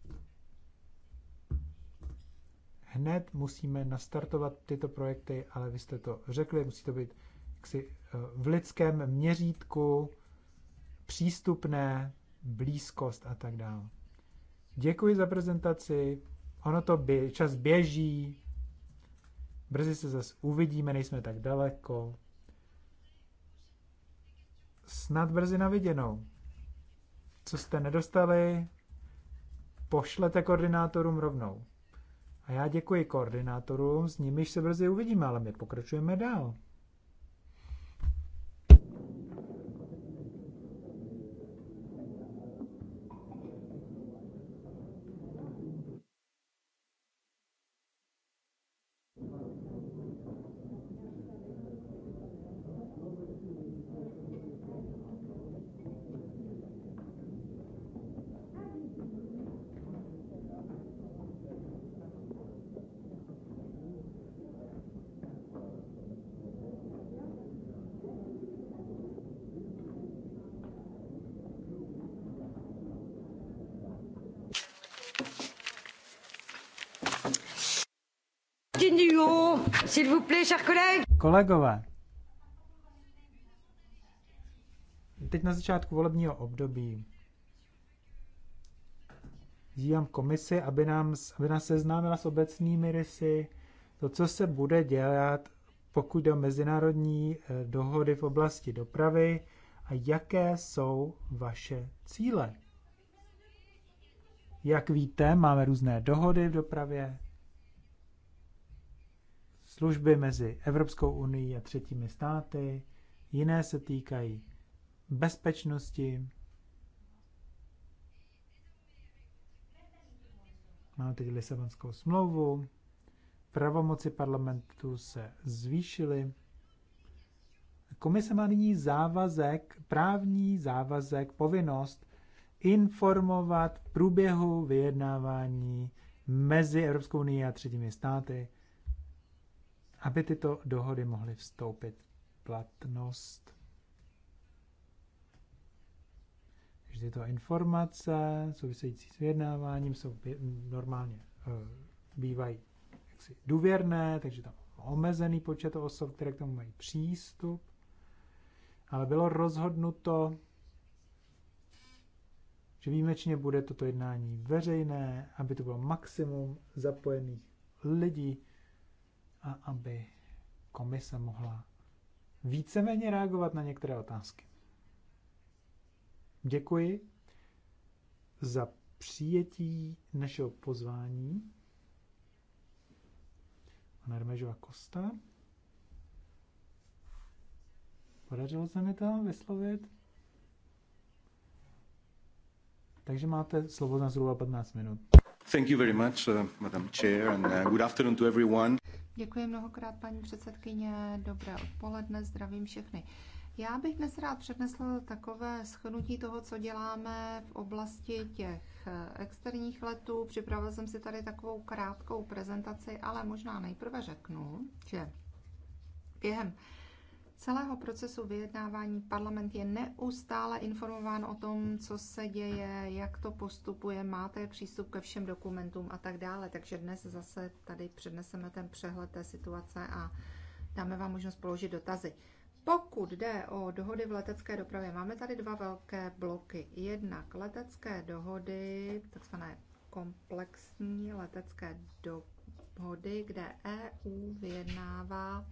Speaker 2: hned musíme nastartovat tyto projekty, ale vy jste to řekli, musí to být jaksi eh, v lidském měřítku, přístupné, blízkost a tak dále. Děkuji za prezentaci, ono to bě- čas běží, brzy se zase uvidíme, nejsme tak daleko. Snad brzy na viděnou. Co jste nedostali, pošlete koordinátorům rovnou. A já děkuji koordinátorům, s nimiž se brzy uvidíme, ale my pokračujeme dál. Kolegové, teď na začátku volebního období vyzývám komisi, aby, nám, aby nás seznámila s obecnými rysy, to, co se bude dělat, pokud jde o mezinárodní eh, dohody v oblasti dopravy a jaké jsou vaše cíle. Jak víte, máme různé dohody v dopravě, služby mezi Evropskou unii a třetími státy, jiné se týkají bezpečnosti. Máme teď Lisabonskou smlouvu, pravomoci parlamentu se zvýšily. Komise má nyní závazek, právní závazek, povinnost informovat v průběhu vyjednávání mezi Evropskou unii a třetími státy aby tyto dohody mohly vstoupit v platnost. Takže tyto informace související s vyjednáváním jsou normálně eh, bývají jaksi důvěrné, takže tam omezený počet osob, které k tomu mají přístup. Ale bylo rozhodnuto, že výjimečně bude toto jednání veřejné, aby to bylo maximum zapojených lidí, a aby komise mohla víceméně reagovat na některé otázky. Děkuji za přijetí našeho pozvání. Pana Remežova Kosta. Podařilo se mi to vyslovit. Takže máte slovo na zhruba 15 minut. Thank you very much, uh, Madam Chair, and uh, good afternoon to everyone.
Speaker 1: Děkuji mnohokrát, paní předsedkyně. Dobré odpoledne, zdravím všechny. Já bych dnes rád přednesl takové shrnutí toho, co děláme v oblasti těch eh, externích letů. Připravil jsem si tady takovou krátkou prezentaci, ale možná nejprve řeknu, že během celého procesu vyjednávání parlament je neustále informován o tom, co se děje, jak to postupuje, máte přístup ke všem dokumentům a tak dále. Takže dnes zase tady předneseme ten přehled té situace a dáme vám možnost položit dotazy. Pokud jde o dohody v letecké dopravě, máme tady dva velké bloky. Jednak letecké dohody, takzvané komplexní letecké dohody, kde EU vyjednává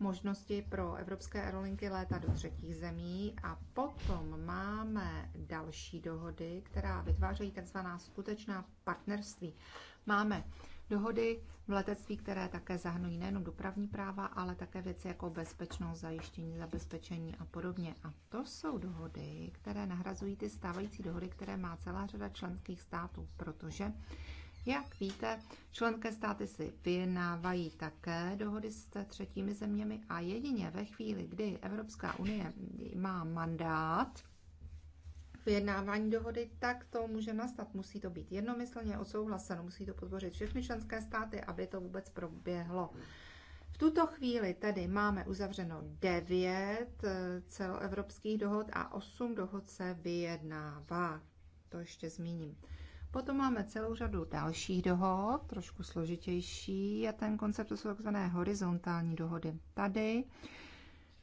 Speaker 1: možnosti pro evropské aerolinky létat do třetích zemí a potom máme další dohody, která vytvářejí tzv. skutečná partnerství. Máme dohody v letectví, které také zahrnují nejenom dopravní práva, ale také věci jako bezpečnost, zajištění, zabezpečení a podobně. A to jsou dohody, které nahrazují ty stávající dohody, které má celá řada členských států, protože jak víte, členské státy si vyjednávají také dohody s třetími zeměmi a jedině ve chvíli, kdy Evropská unie má mandát vyjednávání dohody, tak to může nastat. Musí to být jednomyslně odsouhlaseno, musí to podpořit všechny členské státy, aby to vůbec proběhlo. V tuto chvíli tedy máme uzavřeno 9 eh, celoevropských dohod a 8 dohod se vyjednává. To ještě zmíním. Potom máme celou řadu dalších dohod, trošku složitější, a ten koncept to jsou takzvané horizontální dohody. Tady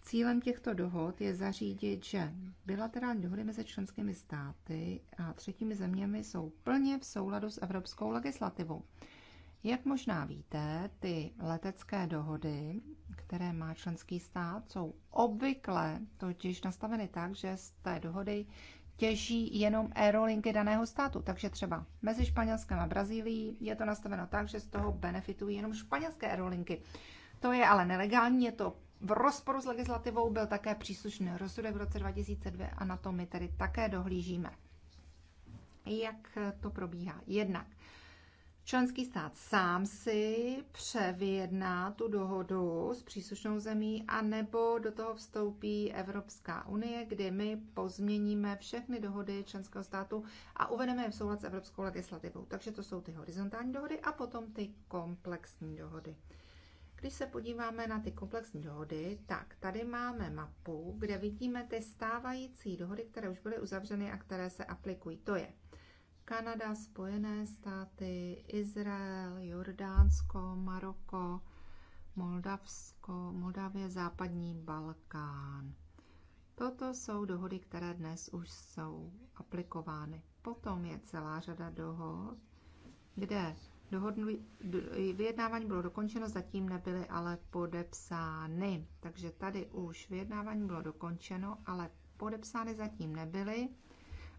Speaker 1: cílem těchto dohod je zařídit, že bilaterální dohody mezi členskými státy a třetími zeměmi jsou plně v souladu s evropskou legislativou. Jak možná víte, ty letecké dohody, které má členský stát, jsou obvykle totiž nastaveny tak, že z té dohody těží jenom aerolinky daného státu. Takže třeba mezi Španělskem a Brazílií je to nastaveno tak, že z toho benefitují jenom španělské aerolinky. To je ale nelegální, je to v rozporu s legislativou, byl také příslušný rozsudek v roce 2002 a na to my tedy také dohlížíme. Jak to probíhá? Jednak Členský stát sám si převyjedná tu dohodu s příslušnou zemí a nebo do toho vstoupí Evropská unie, kdy my pozměníme všechny dohody členského státu a uvedeme je v soulad s evropskou legislativou. Takže to jsou ty horizontální dohody a potom ty komplexní dohody. Když se podíváme na ty komplexní dohody, tak tady máme mapu, kde vidíme ty stávající dohody, které už byly uzavřeny a které se aplikují. To je Kanada, Spojené státy, Izrael, Jordánsko, Maroko, Moldavsko, Moldavie, Západní Balkán. Toto jsou dohody, které dnes už jsou aplikovány. Potom je celá řada dohod, kde d- vyjednávání bylo dokončeno, zatím nebyly ale podepsány. Takže tady už vyjednávání bylo dokončeno, ale podepsány zatím nebyly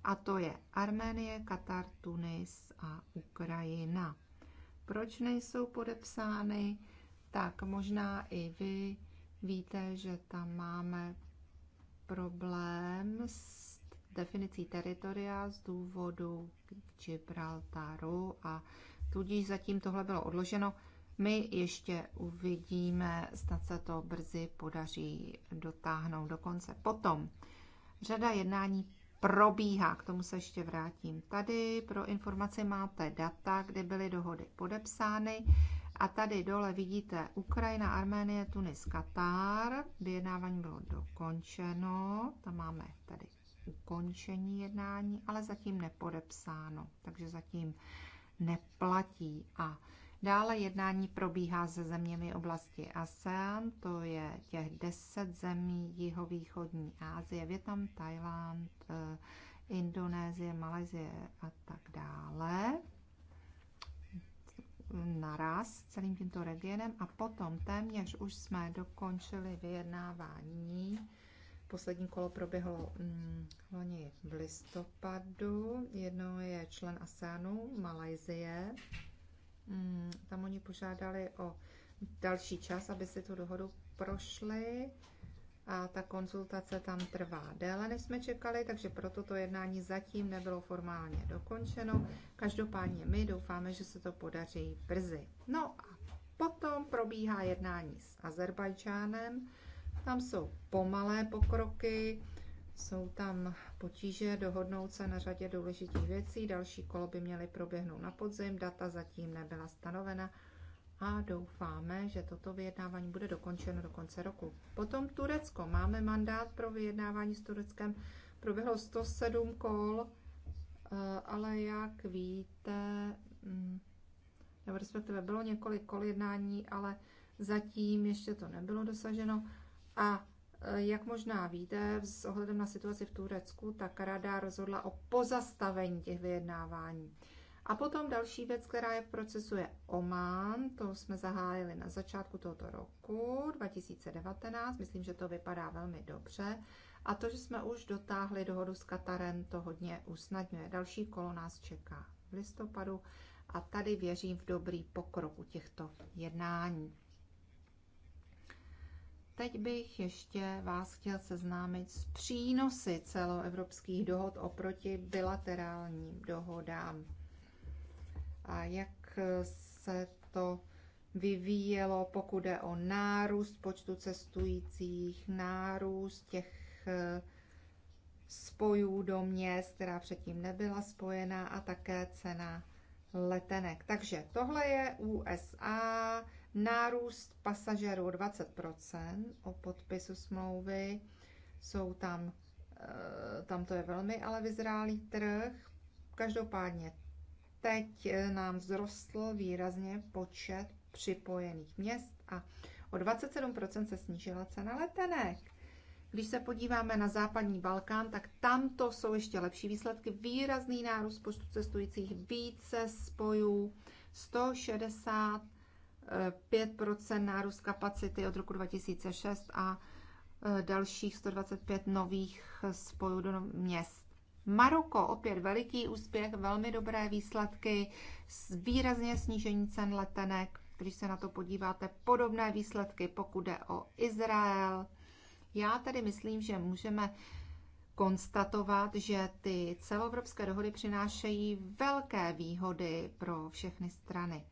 Speaker 1: a to je Arménie, Katar, Tunis a Ukrajina. Proč nejsou podepsány? Tak možná i vy víte, že tam máme problém s definicí teritoria z důvodu Gibraltaru a tudíž zatím tohle bylo odloženo. My ještě uvidíme, snad se to brzy podaří dotáhnout do konce. Potom řada jednání probíhá. K tomu se ještě vrátím. Tady pro informaci máte data, kde byly dohody podepsány. A tady dole vidíte Ukrajina, Arménie, Tunis, Katar. Vyjednávání bylo dokončeno. Tam máme tady ukončení jednání, ale zatím nepodepsáno, takže zatím neplatí. A Dále jednání probíhá se zeměmi oblasti ASEAN, to je těch 10 zemí jihovýchodní Asie, Větnam, Tajland, eh, Indonésie, Malajsie a tak dále. Naraz celým tímto regionem a potom téměř už jsme dokončili vyjednávání. Poslední kolo proběhlo hm, loni v listopadu. Jedno je člen ASEANu, Malajzie, Mm, tam oni požádali o další čas, aby si tu dohodu prošli a ta konzultace tam trvá déle, než jsme čekali, takže proto to jednání zatím nebylo formálně dokončeno. Každopádně my doufáme, že se to podaří brzy. No a potom probíhá jednání s Azerbajdžánem. Tam jsou pomalé pokroky, jsou tam potíže dohodnout se na řadě důležitých věcí, další kolo by měly proběhnout na podzim, data zatím nebyla stanovena a doufáme, že toto vyjednávání bude dokončeno do konce roku. Potom Turecko. Máme mandát pro vyjednávání s Tureckem. Proběhlo 107 kol, eh, ale jak víte, mm, nebo respektive bylo několik kol jednání, ale zatím ještě to nebylo dosaženo. A Eh, jak možná víte, s ohledem na situaci v Turecku, tak rada rozhodla o pozastavení těch vyjednávání. A potom další věc, která je v procesu, je Oman. To jsme zahájili na začátku tohoto roku 2019. Myslím, že to vypadá velmi dobře. A to, že jsme už dotáhli dohodu s Katarem, to hodně usnadňuje. Další kolo nás čeká v listopadu a tady věřím v dobrý pokrok u těchto jednání. Teď bych ještě vás chtěl seznámit s přínosy celoevropských dohod oproti bilaterálním dohodám. A jak se to vyvíjelo, pokud jde o nárůst počtu cestujících, nárůst těch eh, spojů do měst, která předtím nebyla spojená a také cena letenek. Takže tohle je USA, nárůst pasažerů 20% o podpisu smlouvy. Jsou tam, eh, tam to je velmi ale vyzrálý trh. Každopádně teď eh, nám vzrostl výrazně počet připojených měst a o 27% se snížila cena letenek. Když se podíváme na západní Balkán, tak tamto jsou ještě lepší výsledky. Výrazný nárůst počtu cestujících, více spojů, 160 5 nárůst kapacity od roku 2006 a e, dalších 125 nových spojů do no-, měst. Maroko, opět veliký úspěch, velmi dobré výsledky, výrazně snížení cen letenek, když se na to podíváte, podobné výsledky, pokud jde o Izrael. Já tedy myslím, že můžeme konstatovat, že ty celoevropské dohody přinášejí velké výhody pro všechny strany.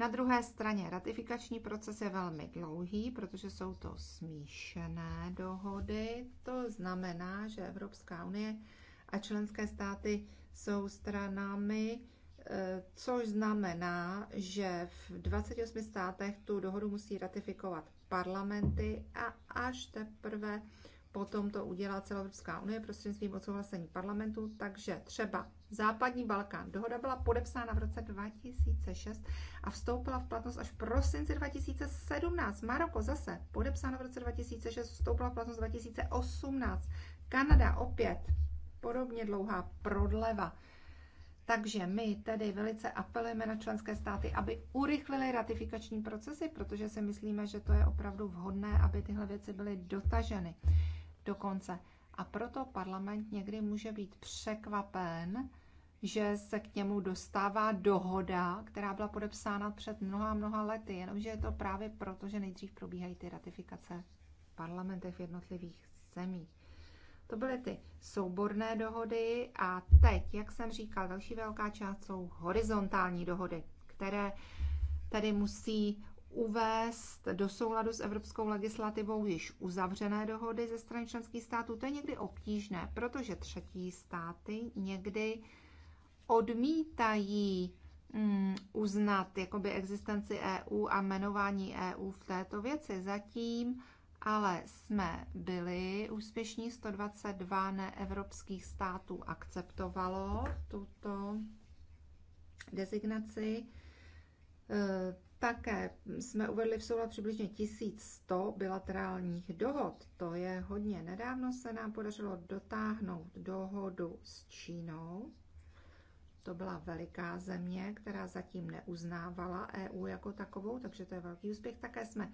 Speaker 1: Na druhé straně ratifikační proces je velmi dlouhý, protože jsou to smíšené dohody. To znamená, že Evropská unie a členské státy jsou stranami, e, což znamená, že v 28 státech tu dohodu musí ratifikovat parlamenty a až teprve potom to udělá Evropská unie prostřednictvím odsouhlasení parlamentu, takže třeba Západní Balkán. Dohoda byla podepsána v roce 2006 a vstoupila v platnost až v prosinci 2017. Maroko zase podepsána v roce 2006, vstoupila v platnost 2018. Kanada opět podobně dlouhá prodleva. Takže my tedy velice apelujeme na členské státy, aby urychlili ratifikační procesy, protože si myslíme, že to je opravdu vhodné, aby tyhle věci byly dotaženy do konce. A proto parlament někdy může být překvapen, že se k němu dostává dohoda, která byla podepsána před mnoha, mnoha lety, jenomže je to právě proto, že nejdřív probíhají ty ratifikace v parlamentech v jednotlivých zemích. To byly ty souborné dohody a teď, jak jsem říkal, další velká část jsou horizontální dohody, které tady musí uvést do souladu s evropskou legislativou již uzavřené dohody ze strany členských států, to je někdy obtížné, protože třetí státy někdy odmítají mm, uznat jakoby existenci EU a jmenování EU v této věci. Zatím ale jsme byli úspěšní, 122 neevropských států akceptovalo tuto designaci. E, také jsme uvedli v soulad přibližně 1100 bilaterálních dohod. To je hodně. Nedávno se nám podařilo dotáhnout dohodu s Čínou. To byla veliká země, která zatím neuznávala EU jako takovou, takže to je velký úspěch. Také jsme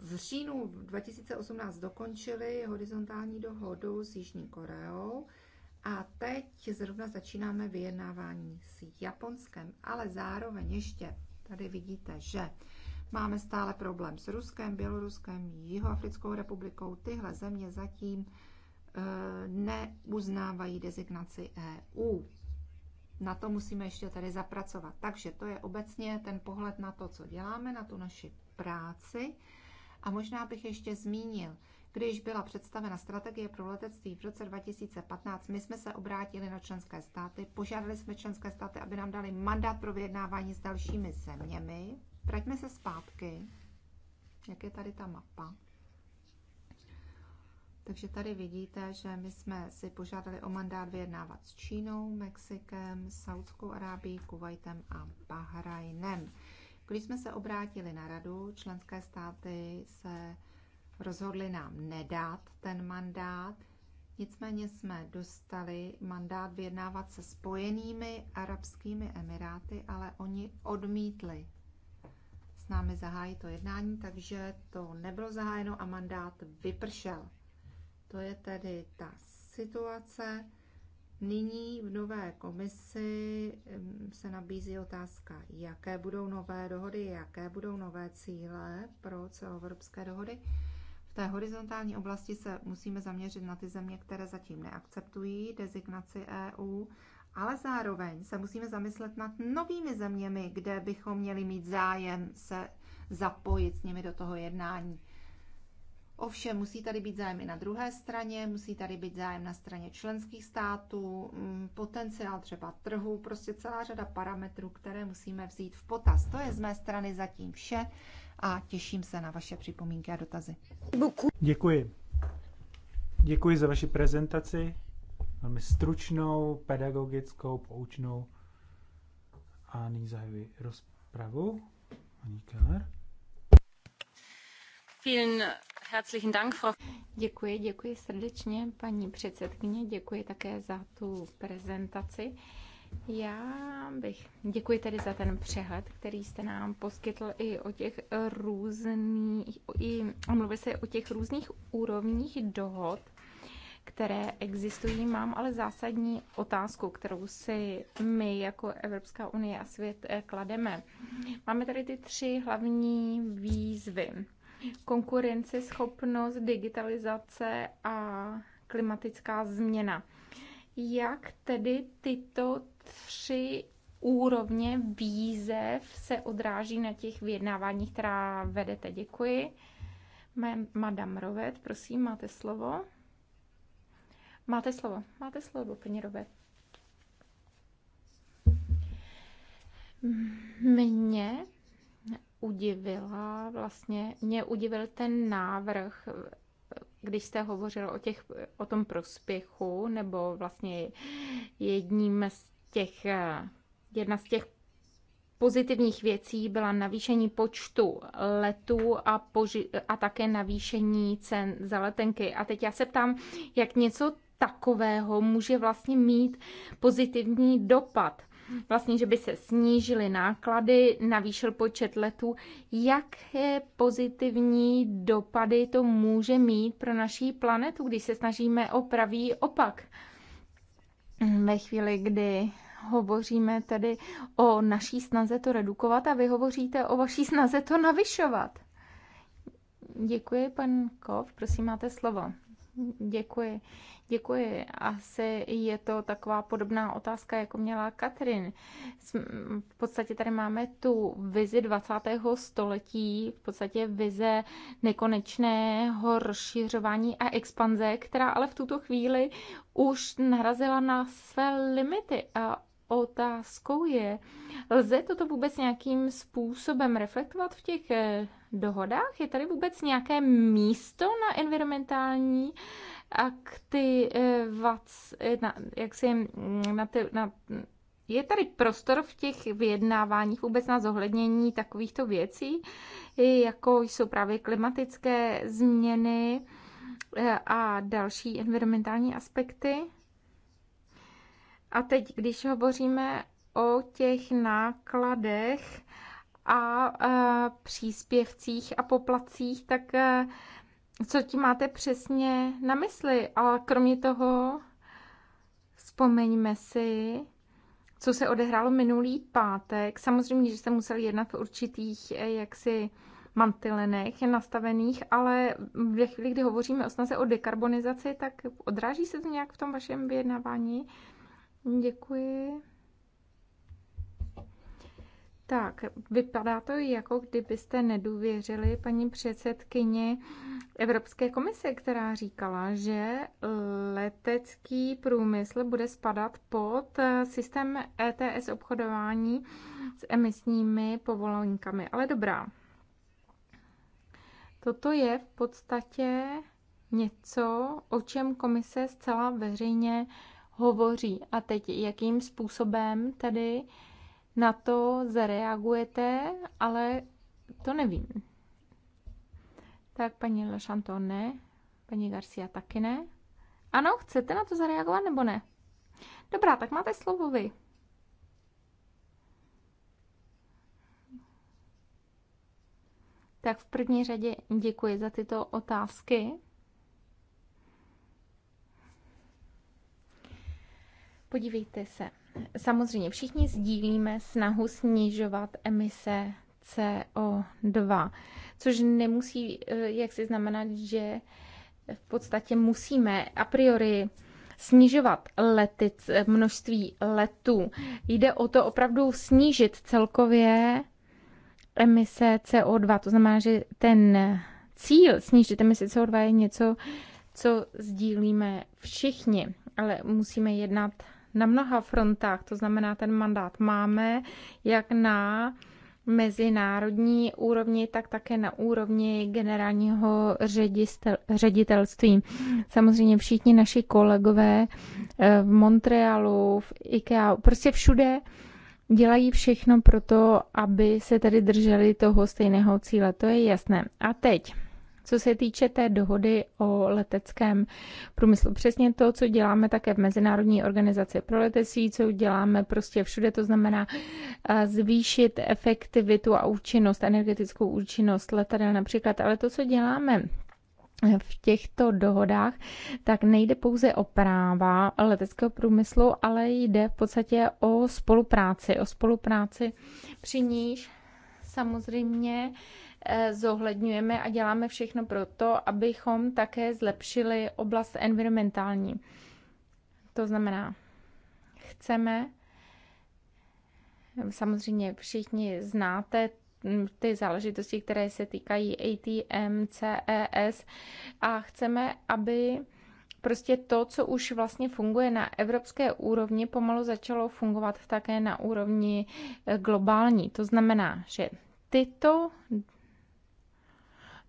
Speaker 1: v říjnu 2018 dokončili horizontální dohodu s Jižní Koreou a teď zrovna začínáme vyjednávání s Japonskem, ale zároveň ještě tady vidíte, že máme stále problém s Ruskem, Běloruskem, Jihoafrickou republikou. Tyhle země zatím eh, neuznávají designaci EU. Na to musíme ještě tady zapracovat. Takže to je obecně ten pohled na to, co děláme, na tu naši práci. A možná bych ještě zmínil, když byla představena strategie pro letectví v roce 2015, my jsme se obrátili na členské státy, požádali jsme členské státy, aby nám dali mandát pro vyjednávání s dalšími zeměmi. Vraťme se zpátky. Jak je tady ta mapa? Takže tady vidíte, že my jsme si požádali o mandát vyjednávat s Čínou, Mexikem, Saudskou Arábií, Kuwaitem a Bahrajnem. Když jsme se obrátili na radu, členské státy se rozhodli nám nedát ten mandát, nicméně jsme dostali mandát vyjednávat se spojenými arabskými emiráty, ale oni odmítli s námi zahájit to jednání, takže to nebylo zahájeno a mandát vypršel. To je tedy ta situace. Nyní v nové komisi se nabízí otázka, jaké budou nové dohody, jaké budou nové cíle pro celoevropské dohody té horizontální oblasti se musíme zaměřit na ty země, které zatím neakceptují designaci EU, ale zároveň se musíme zamyslet nad novými zeměmi, kde bychom měli mít zájem se zapojit s nimi do toho jednání. Ovšem musí tady být zájem i na druhé straně, musí tady být zájem na straně členských států, mm, potenciál třeba trhu, prostě celá řada parametrů, které musíme vzít v potaz. To je z mé strany zatím vše a těším se na vaše připomínky a dotazy.
Speaker 2: Děkuji. Děkuji za vaši prezentaci, velmi stručnou, pedagogickou, poučnou. A nyní zahajuji rozpravu. Paní Keller.
Speaker 3: Vielen herzlichen Dank, Frau. Děkuji, děkuji srdečně, paní předsedkyně, děkuji také za tu prezentaci. Já bych děkuji tedy za ten přehled, který jste nám poskytl i o těch různých, i, mluví se o těch různých úrovních dohod, které existují. Mám ale zásadní otázku, kterou si my jako Evropská unie a svět eh, klademe. Máme tady ty tři hlavní výzvy. Konkurenceschopnost, digitalizace a klimatická změna. Jak tedy tyto tři úrovně výzev se odráží na těch vyjednáváních, která vedete. Děkuji. Madame Rovet, prosím, máte slovo. Máte slovo, máte slovo, paní Rovet. Mě udivila vlastně, mě udivil ten návrh, když jste hovořil o, těch, o tom prospěchu, nebo vlastně jedním z těch, eh, jedna z těch pozitivních věcí byla navýšení počtu letů a, poži- a také navýšení cen za letenky. A teď já se ptám, jak něco takového může vlastně mít pozitivní dopad. Vlastně, že by se snížily náklady, navýšil počet letů. Jaké pozitivní dopady to může mít pro naší planetu, když se snažíme o pravý opak? ve chvíli, kdy hovoříme tedy o naší snaze to redukovat a vy hovoříte o vaší snaze to navyšovat. Děkuji, pan Kov, prosím, máte slovo. Děkuji. Děkuji. Asi je to taková podobná otázka, jako měla Katrin. V podstatě tady máme tu vizi 20. století, v podstatě vize nekonečného rozšířování a expanze, která ale v tuto chvíli už narazila na své limity a Otázkou je, lze toto vůbec nějakým způsobem reflektovat v těch eh, dohodách? Je tady vůbec nějaké místo na environmentální aktivac, na, jak si, na ty, na, je tady prostor v těch vyjednáváních vůbec na zohlednění takovýchto věcí, jako jsou právě klimatické změny eh, a další environmentální aspekty? A teď, když hovoříme o těch nákladech a eh, příspěvcích a poplacích, tak eh, co tím máte přesně na mysli. A kromě toho vzpomeňme si, co se odehrálo minulý pátek. Samozřejmě, že jste museli jednat v určitých eh, jaksi mantilenech nastavených, ale ve chvíli, kdy hovoříme o snaze o dekarbonizaci, tak odráží se to nějak v tom vašem vyjednávání? Děkuji. Tak, vypadá to jako kdybyste nedůvěřili paní předsedkyni Evropské komise, která říkala, že eh, letecký průmysl bude spadat pod eh, systém ETS obchodování s emisními povolenkami. Ale dobrá. Toto je v podstatě něco, o čem komise zcela veřejně hovoří. A teď jakým způsobem tedy na to zareagujete, ale to nevím. Tak paní Lešanto ne, paní Garcia taky ne. Ano, chcete na to zareagovat nebo ne? Dobrá, tak máte slovo vy. Tak v první řadě děkuji za tyto otázky. Podívejte se samozřejmě všichni sdílíme snahu snižovat emise CO2, což nemusí, eh, jak si znamenat, že v podstatě musíme a priori snižovat letic, eh, množství letů. Jde o to opravdu snížit celkově emise CO2. To znamená, že ten cíl snížit emise CO2 je něco, co sdílíme všichni, ale musíme jednat na mnoha frontách, to znamená, ten mandát máme jak na mezinárodní úrovni, tak také na úrovni generálního ředitelství. Samozřejmě všichni naši kolegové eh, v Montrealu, v IKEA, prostě všude dělají všechno pro to, aby se tady drželi toho stejného cíle. To je jasné. A teď co se týče té dohody o leteckém průmyslu, přesně to, co děláme také v Mezinárodní organizaci pro letectví, co děláme prostě všude, to znamená eh, zvýšit efektivitu a účinnost, energetickou účinnost letadel například, ale to, co děláme eh, v těchto dohodách, tak nejde pouze o práva leteckého průmyslu, ale jde v podstatě o spolupráci. O spolupráci při níž samozřejmě Eh, zohledňujeme a děláme všechno pro to, abychom také zlepšili oblast environmentální. To znamená, chceme, samozřejmě všichni znáte ty záležitosti, které se týkají ATM, CES a chceme, aby prostě to, co už vlastně funguje na evropské úrovni, pomalu začalo fungovat také na úrovni globální. To znamená, že tyto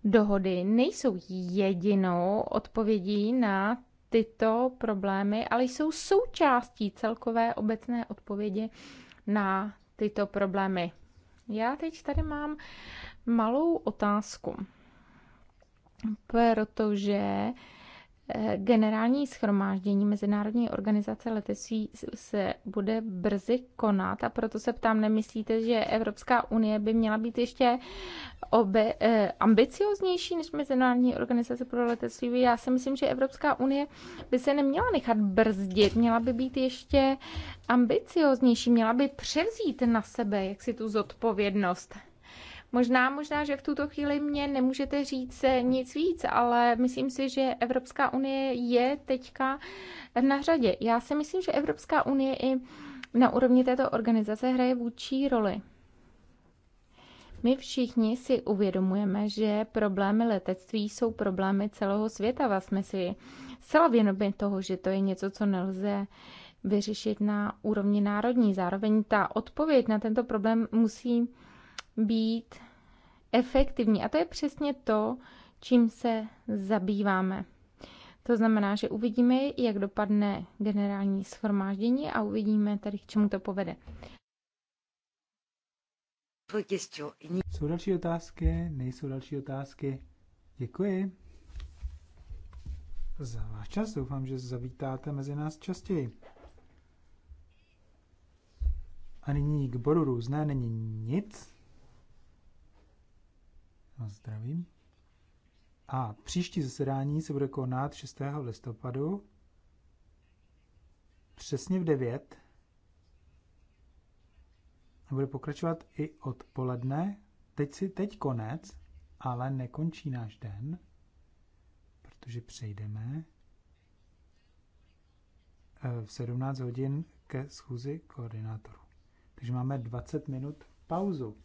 Speaker 3: dohody nejsou jedinou odpovědí na tyto problémy, ale jsou součástí celkové obecné odpovědi na tyto problémy. Já teď tady mám malou otázku, protože Generální schromáždění Mezinárodní organizace letectví se bude brzy konat a proto se ptám, nemyslíte, že Evropská unie by měla být ještě obe, eh, ambicioznější než Mezinárodní organizace pro letectví? Já si myslím, že Evropská unie by se neměla nechat brzdit, měla by být ještě ambicioznější, měla by převzít na sebe jaksi tu zodpovědnost. Možná, možná, že v tuto chvíli mě nemůžete říct nic víc, ale myslím si, že Evropská unie je teďka na řadě. Já si myslím, že Evropská unie i na úrovni této organizace hraje vůči roli. My všichni si uvědomujeme, že problémy letectví jsou problémy celého světa. Vás jsme si zcela věnobě toho, že to je něco, co nelze vyřešit na úrovni národní. Zároveň ta odpověď na tento problém musí být efektivní. A to je přesně to, čím se zabýváme. To znamená, že uvidíme, jak dopadne generální schromáždění a uvidíme tady, k čemu to povede.
Speaker 2: Jsou další otázky? Nejsou další otázky? Děkuji za váš čas. Doufám, že zavítáte mezi nás častěji. A nyní k bodu různé není nic vás zdravím. A příští zasedání se bude konat 6. listopadu přesně v 9. A bude pokračovat i odpoledne. Teď si teď konec, ale nekončí náš den, protože přejdeme eh, v 17 hodin ke schůzi koordinátorů. Takže máme 20 minut pauzu.